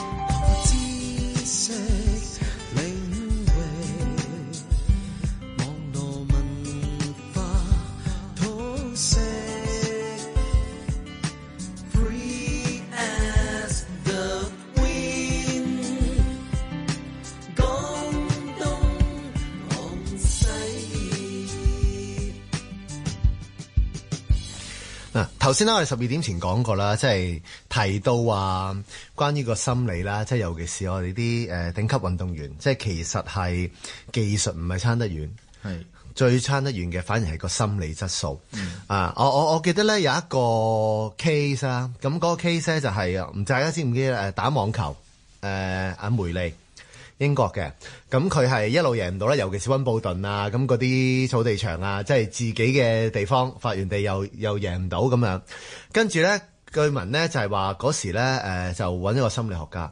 C: 先啦，我哋十二點前講過啦，即係提到話關於個心理啦，即係尤其是我哋啲誒頂級運動員，即係其實係技術唔係撐得遠，
A: 係
C: 是最撐得遠嘅反而係個心理質素。嗯、啊，我我我記得咧有一個 case 啦、啊，咁、那、嗰個 case 咧就係、是、唔知大家知唔知誒打網球誒阿、呃、梅利。英國嘅，咁佢係一路贏唔到啦，尤其是溫布頓啊，咁嗰啲草地場啊，即係自己嘅地方發源地又又贏唔到咁樣。跟住咧，據聞咧就係話嗰時咧，誒、呃、就揾一個心理學家，嗰、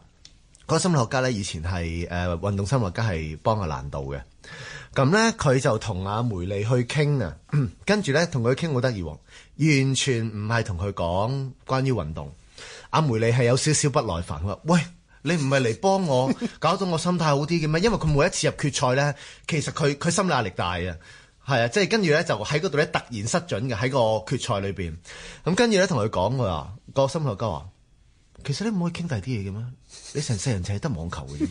C: 那個心理學家咧以前係誒、呃、運動心理學家難，係幫阿蘭度嘅。咁咧佢就同阿梅利去傾啊，跟住咧同佢傾好得意喎，完全唔係同佢講關於運動。阿、啊、梅利係有少少不耐煩，佢話，喂。你唔係嚟幫我搞到我心態好啲嘅咩？因為佢每一次入決賽咧，其實佢佢心理壓力大啊，係啊，即係跟住咧就喺嗰度咧突然失準嘅喺個決賽裏邊。咁跟住咧同佢講佢話，個心理學家話，其實你唔可以傾第啲嘢嘅咩？你成世人淨係得網球嘅咩？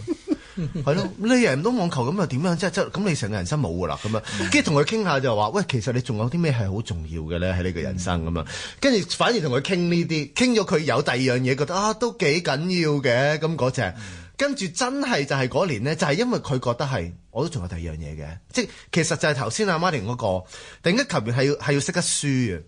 C: 係咯， 你贏唔到網球咁又點樣？即係即咁，你成個人生冇噶啦咁樣。跟住同佢傾下就話，喂，其實你仲有啲咩係好重要嘅咧？喺呢個人生咁樣。跟住反而同佢傾呢啲，傾咗佢有第二樣嘢，覺得啊都幾緊要嘅咁嗰隻。跟住真係就係嗰年咧，就係、是、因為佢覺得係我都仲有第二樣嘢嘅，即係其實就係頭先阿 Martin 嗰個，突然間球員係要係要識得輸嘅。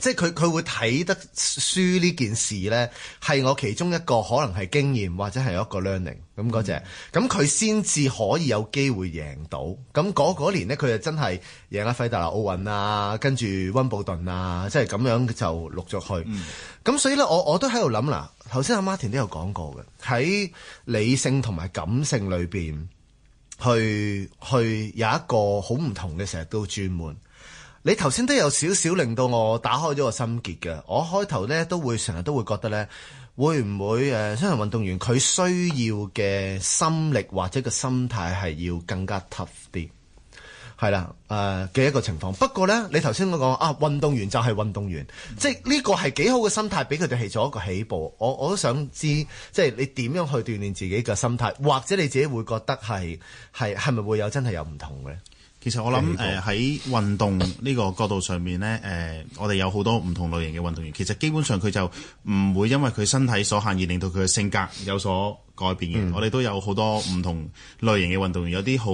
C: 即係佢佢會睇得輸呢件事呢，係我其中一個可能係經驗或者係一個 learning 咁嗰隻，咁佢先至可以有機會贏到。咁、那、嗰、個、年呢，佢就真係贏咗費達拿奧運啊，跟住溫布頓啊，即係咁樣就陸續去。咁、嗯、所以呢，我我都喺度諗嗱，頭先阿 Martin 都有講過嘅，喺理性同埋感性裏邊，去去有一個好唔同嘅成日都轉換。你頭先都有少少令到我打開咗個心結嘅，我開頭呢都會成日都會覺得呢，會唔會誒，傷殘運動員佢需要嘅心力或者個心態係要更加 tough 啲，係啦誒嘅一個情況。不過呢，你頭先嗰個啊，運動員就係運動員，即係呢個係幾好嘅心態，俾佢哋係做一個起步。我我都想知，即係你點樣去鍛煉自己嘅心態，或者你自己會覺得係係係咪會有真係有
E: 唔同嘅？其實我諗誒喺運動呢個角度上面，咧誒，我哋有好多唔同類型嘅運動員，其實基本上佢就唔會因為佢身體所限而令到佢嘅性格有所改變嘅，嗯、我哋都有好多唔同類型嘅運動員，有啲好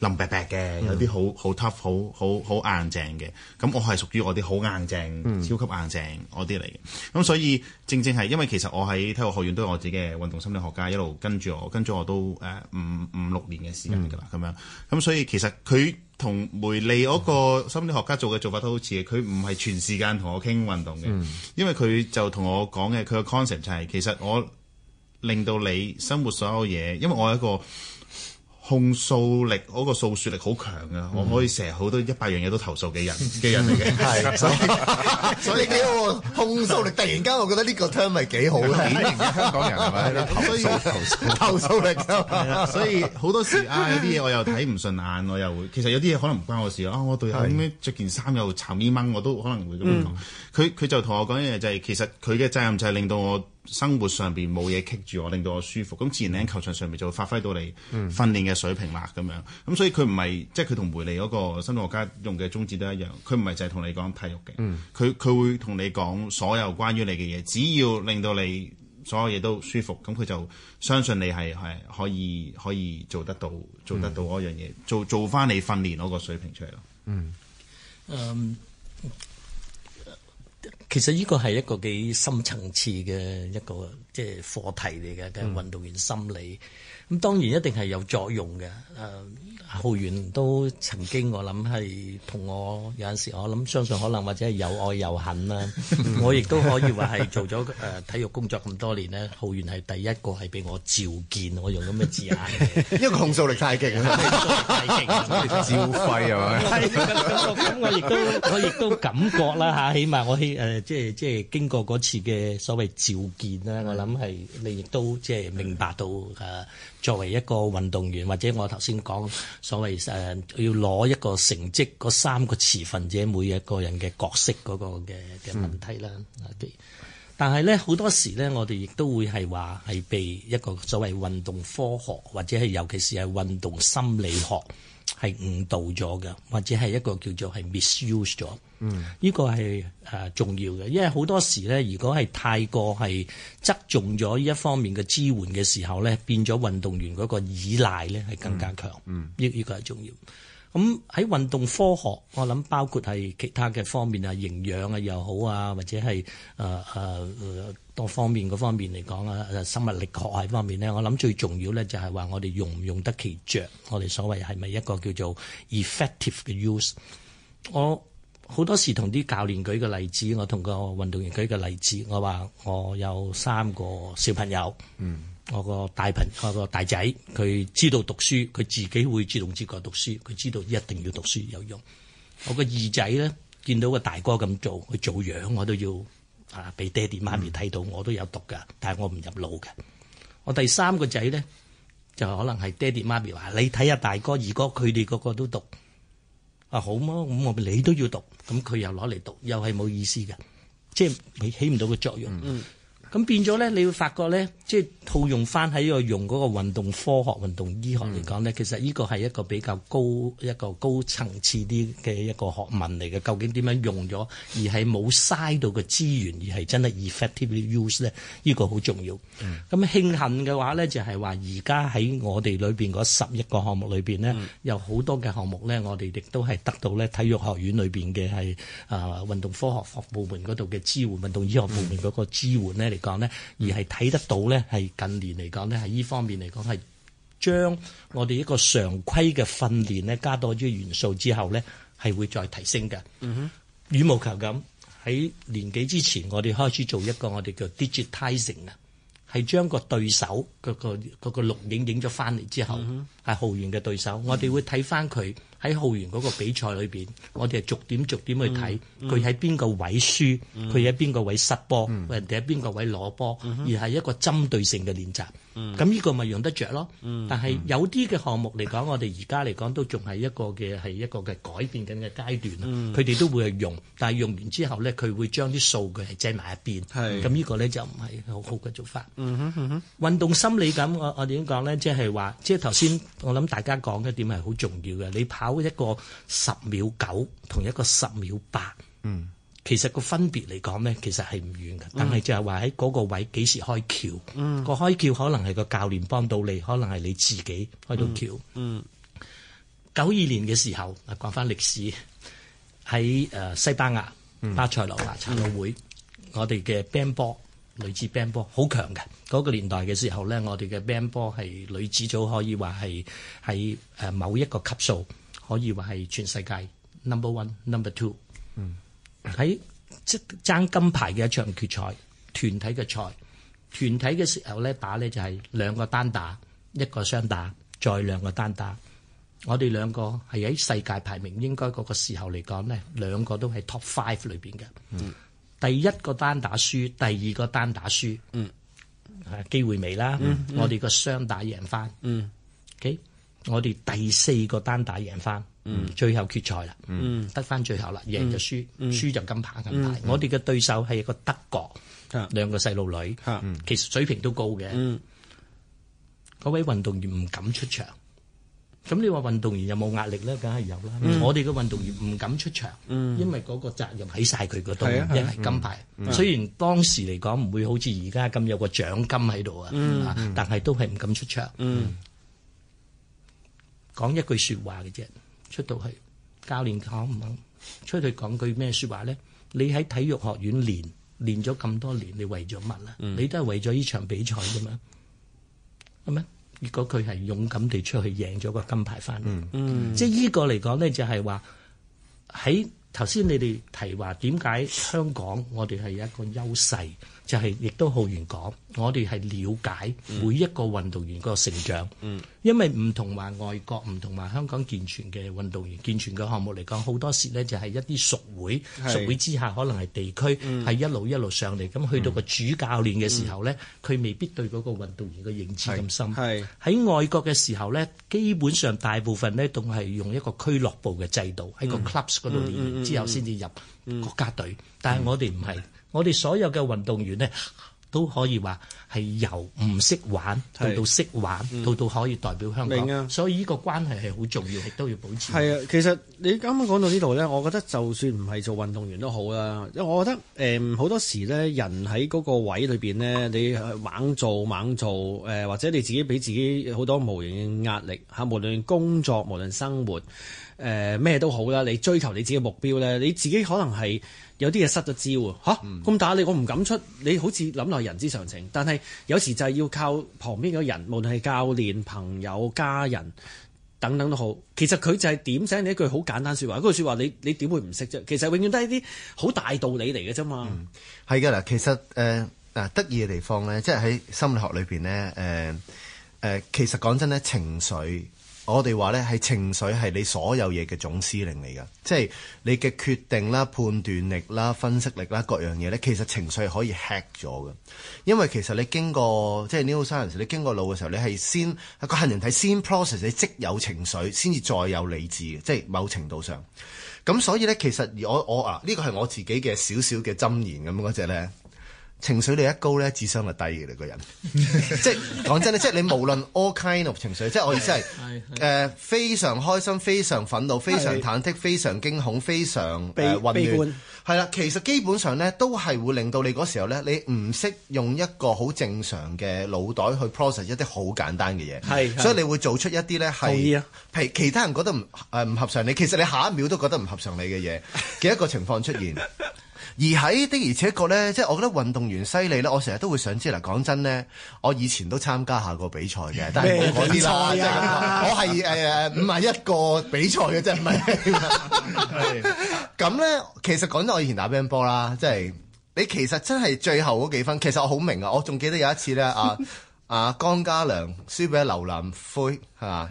E: 冧白白嘅，有啲好好 tough，好好好硬淨嘅。咁我係屬於我啲好硬淨、嗯、超級硬淨嗰啲嚟嘅。咁所以正正係因為其實我喺體育學院都有我自己嘅運動心理學家一路跟住我，跟住我都誒五五六年嘅時間㗎啦咁樣。咁所以其實佢同梅利嗰個心理學家做嘅做法都好似嘅，佢唔係全時間同我傾運動嘅，嗯、因為佢就同我講嘅佢嘅 concept 就係、是、其實我。令到你生活所有嘢，因為我係一個控訴力嗰、嗰個訴説力好強嘅，嗯、我可以成日好多一百樣嘢都投訴嘅人嘅人嚟嘅，係所以你好喎！我控訴力
C: 突然間，我覺得呢個 term 咪幾好咧，典型香港人係咪 所以投訴，投，
E: 訴投訴力， 所以好多時啊，啲嘢我又睇唔順眼，我又會其實有啲嘢可能唔關我事啊，我對手點樣著件衫又巢咪掹，我都可能會咁樣講。佢佢、嗯、就同我講嘢就係其實佢嘅責任就係令到我。生活上邊冇嘢棘住我，令到我舒服，咁自然你喺球場上面就會發揮到你訓練嘅水平啦。咁、嗯、樣，咁所以佢唔係，即係佢同梅利嗰個心理學家用嘅宗旨都一樣，佢唔係就係同你講體育嘅，佢佢、嗯、會同你講所有關於你嘅嘢，只要令到你所有嘢都舒服，咁佢就相信你係係可以可以做得到做得到嗰樣嘢，做做翻你訓練嗰個水平出嚟咯。嗯。
A: Um,
D: 其實，呢個係一個幾深層次嘅一個，即係課題嚟嘅，嘅運動員心理。咁當然一定係有作用嘅。誒浩源都曾經我諗係同我有陣時，我諗相信可能或者係有愛有恨啦。我亦都可以話係做咗誒體育工作咁多年呢。浩源係第一個係俾我召見，我用咁嘅字眼，因為控訴力太勁
A: 太
D: 勁。照肺係咪？咁我亦都我亦都感覺啦嚇，起碼我希誒即係即係經過嗰次嘅所謂召見啦，我諗係你亦都即係明白到誒。作為一個運動員，或者我頭先講所謂誒、呃、要攞一個成績嗰三個持份者每一個人嘅角色嗰個嘅嘅問題啦。嗯、但係呢，好多時呢，我哋亦都會係話係被一個所謂運動科學或者係尤其是係運動心理學。係誤導咗嘅，或者係一個叫做係 misuse 咗，
A: 呢、
D: 嗯、個係誒、呃、重要嘅，因為好多時咧，如果係太過係側重咗呢一方面嘅支援嘅時候咧，變咗運動員嗰個依賴咧係更加強，呢呢、嗯嗯這個係、這個、重要。咁喺運動科學，我諗包括係其他嘅方面啊，營養啊又好啊，或者係誒誒。呃呃呃多方面嗰方面嚟講啊，生物力學係方面咧，我諗最重要咧就係話我哋用唔用得其着，我哋所謂係咪一個叫做 effective 嘅 use？我好多時同啲教練舉個例子，我同個運動員舉個例子，我話我有三個小朋友，
A: 嗯，
D: 我個大朋，我個大仔，佢知道讀書，佢自己會自動自覺讀書，佢知道一定要讀書有用。我個二仔咧，見到個大哥咁做，佢做樣我都要。啊！俾爹哋媽咪睇到，我都有讀㗎，但係我唔入腦嘅。我第三個仔咧，就可能係爹哋媽咪話：你睇下大哥二哥，佢哋個個都讀啊，好麼？咁我你都要讀，咁佢又攞嚟讀，又係冇意思嘅，即係起唔到個作用。嗯咁變咗咧，你會發覺咧，即係套用翻喺個用個運動科學運動醫學嚟講咧，嗯、其實呢個係一個比較高一個高層次啲嘅一個學問嚟嘅。究竟點樣用咗而係冇嘥到嘅資源，而係真係 effectively use 咧？呢、呢個好重要。咁慶、嗯、幸嘅話咧，就係話而家喺我哋裏邊十一個項目裏邊咧，嗯、有好多嘅項目咧，我哋亦都係得到咧體育學院裏邊嘅係啊運動科學部部門度嘅支援，運動醫學部門個支援咧講咧，而係睇得到咧，係近年嚟講咧，係呢方面嚟講，係將我哋一個常規嘅訓練咧，加多啲元素之後咧，係會再提升嘅。嗯哼，羽毛球咁喺年紀之前，我哋開始做一個我哋叫 digitizing 啊，係將個對手嗰個嗰個錄影影咗翻嚟之後，係浩源嘅對手，我哋會睇翻佢。喺浩源嗰個比賽裏邊，我哋係逐點逐點去睇佢喺邊個位輸，佢喺邊個位失波，人哋喺邊個位攞波，而係一個針對性嘅練習。咁呢個咪用得著咯。但係有啲嘅項目嚟講，我哋而家嚟講都仲係一個嘅係一個嘅改變緊嘅階段。佢哋都會係用，但係用完之後咧，佢會將啲數據係掟埋一邊。咁呢個咧就唔係好好嘅做法。運動心理咁，我我點講咧？即係話，即係頭先我諗大家講嘅點係好重要嘅。你跑。有一個十秒九同一個十秒八，嗯，其實個分別嚟講咧，其實係唔遠嘅。但係就係話喺嗰個位幾時開竅，個、嗯、開竅可能係個教練幫到你，可能係你自己開到竅、
A: 嗯。
D: 嗯，九二年嘅時候，啊，講返歷史喺誒西班牙巴塞羅那殘奧會，嗯嗯、我哋嘅 band 冰波女子 band 冰波好強嘅。嗰、嗰個年代嘅時候咧，我哋嘅 band 冰波係女子組可以話係喺誒某一個級數。可以話係全世界 number one、number
A: two。
D: 喺即爭金牌嘅一場決賽，團體嘅賽，團體嘅時候咧，打咧，就係兩個單打、一個雙打、再兩個單打。我哋兩個係喺世界排名應該嗰個時候嚟講咧，兩個都係 top five 裏邊嘅。第一個單打輸，第二個單打輸。嗯，啊機會未啦。我哋個雙打贏返。嗯。OK。我哋第四個單打贏翻，最後決賽啦，得翻最後啦，贏就輸，輸就金牌金牌。我哋嘅對手係一個德國兩個細路女，其實水平都高嘅。嗰位運動員唔敢出場，咁你話運動員有冇壓力呢？梗係有啦。我哋嘅運動員唔敢出場，因為嗰個責任喺晒佢嗰度，一係金牌。雖然當時嚟講唔會好似而家咁有個獎金喺度啊，但係都係唔敢出場。講一句説話嘅啫，出到去教練講唔肯出去講句咩説話咧？你喺體育學院練練咗咁多年，你為咗乜啦？嗯、你都係為咗呢場比賽㗎嘛，係咪？如果佢係勇敢地出去贏咗個金牌翻嚟，嗯嗯、即係呢個嚟講咧，就係話喺頭先你哋提話點解香港我哋係一個優勢。就係亦都浩源講，我哋係瞭解每一個運動員個成長，因為唔同話外國，唔同話香港健全嘅運動員，健全嘅項目嚟講，好多時咧就係一啲屬會，屬會之下可能係地區，係一路一路上嚟，咁去到個主教練嘅時候咧，佢未必對嗰個運動員嘅認知咁深。喺外國嘅時候咧，基本上大部分咧都係用一個俱樂部嘅制度喺個 clubs 嗰度練完之後先至入國家隊，但係我哋唔係，我哋所有嘅運動員呢，都可以話係由唔識玩到到識玩，是到識玩、嗯、到可以代表香港。啊、所以呢個關係係好重要，亦都要保持。係啊，其
B: 實你啱啱講到呢度呢，我覺得就算唔係做運動員都好啦，因為我覺得誒好、呃、多時呢，人喺嗰個位裏邊呢，你猛做猛做，誒、呃、或者你自己俾自己好多無形嘅壓力嚇，無論工作無論生活誒咩、呃、都好啦，你追求你自己嘅目標呢，你自己可能係。有啲嘢失咗招啊！咁打你，我唔敢出。你好似諗落人之常情，但係有時就係要靠旁邊嘅人，無論係教練、朋友、家人等等都好。其實佢就係點醒你一句好簡單説話，嗰句説話你你點會唔識啫？其實永遠都係一啲好大道理嚟嘅啫
C: 嘛。嗯，係噶啦。其實誒嗱、呃，得意嘅地方咧，即係喺心理學裏邊咧誒誒，其實講真咧情緒。我哋話咧，係情緒係你所有嘢嘅總司令嚟㗎，即係你嘅決定啦、判斷力啦、分析力啦各樣嘢咧，其實情緒係可以 hack 咗㗎，因為其實你經過即係 new science，你經過腦嘅時候，你係先個杏仁體先 process 你即有情緒，先至再有理智嘅，即係某程度上咁。所以咧，其實我我啊呢、這個係我自己嘅少少嘅箴言咁嗰隻咧。那個呢情緒率一高呢，智商率低嘅你個人， 即係講真咧，即係你無論 all kind of 情緒， 即係我意思係，誒 非常開心、非常憤怒、非常忐忑、的非常驚恐、非常混亂，係啦被，呃、其實基本上呢，都係會令到你嗰時候呢，你唔識用一個好正常嘅腦袋去 process 一啲好簡單嘅嘢，係的，所以你會做出一啲呢係，係的其他人覺得唔誒唔合常理，其實你下一秒都覺得唔合常理嘅嘢嘅一個情況出現。 而喺的而且確咧，即係我覺得運動員犀利咧，我成日都會想知嗱。講真咧，我以前都參加下個比賽嘅，但係冇嗰啲賽啊。我係誒五十一個比賽嘅，啫？唔係。咁咧，其實講真，我以前打乒乓波啦，即係你其實真係最後嗰幾分，其實我好明啊。我仲記得有一次咧，阿、啊、阿、啊、江家良輸俾劉林輝係嘛。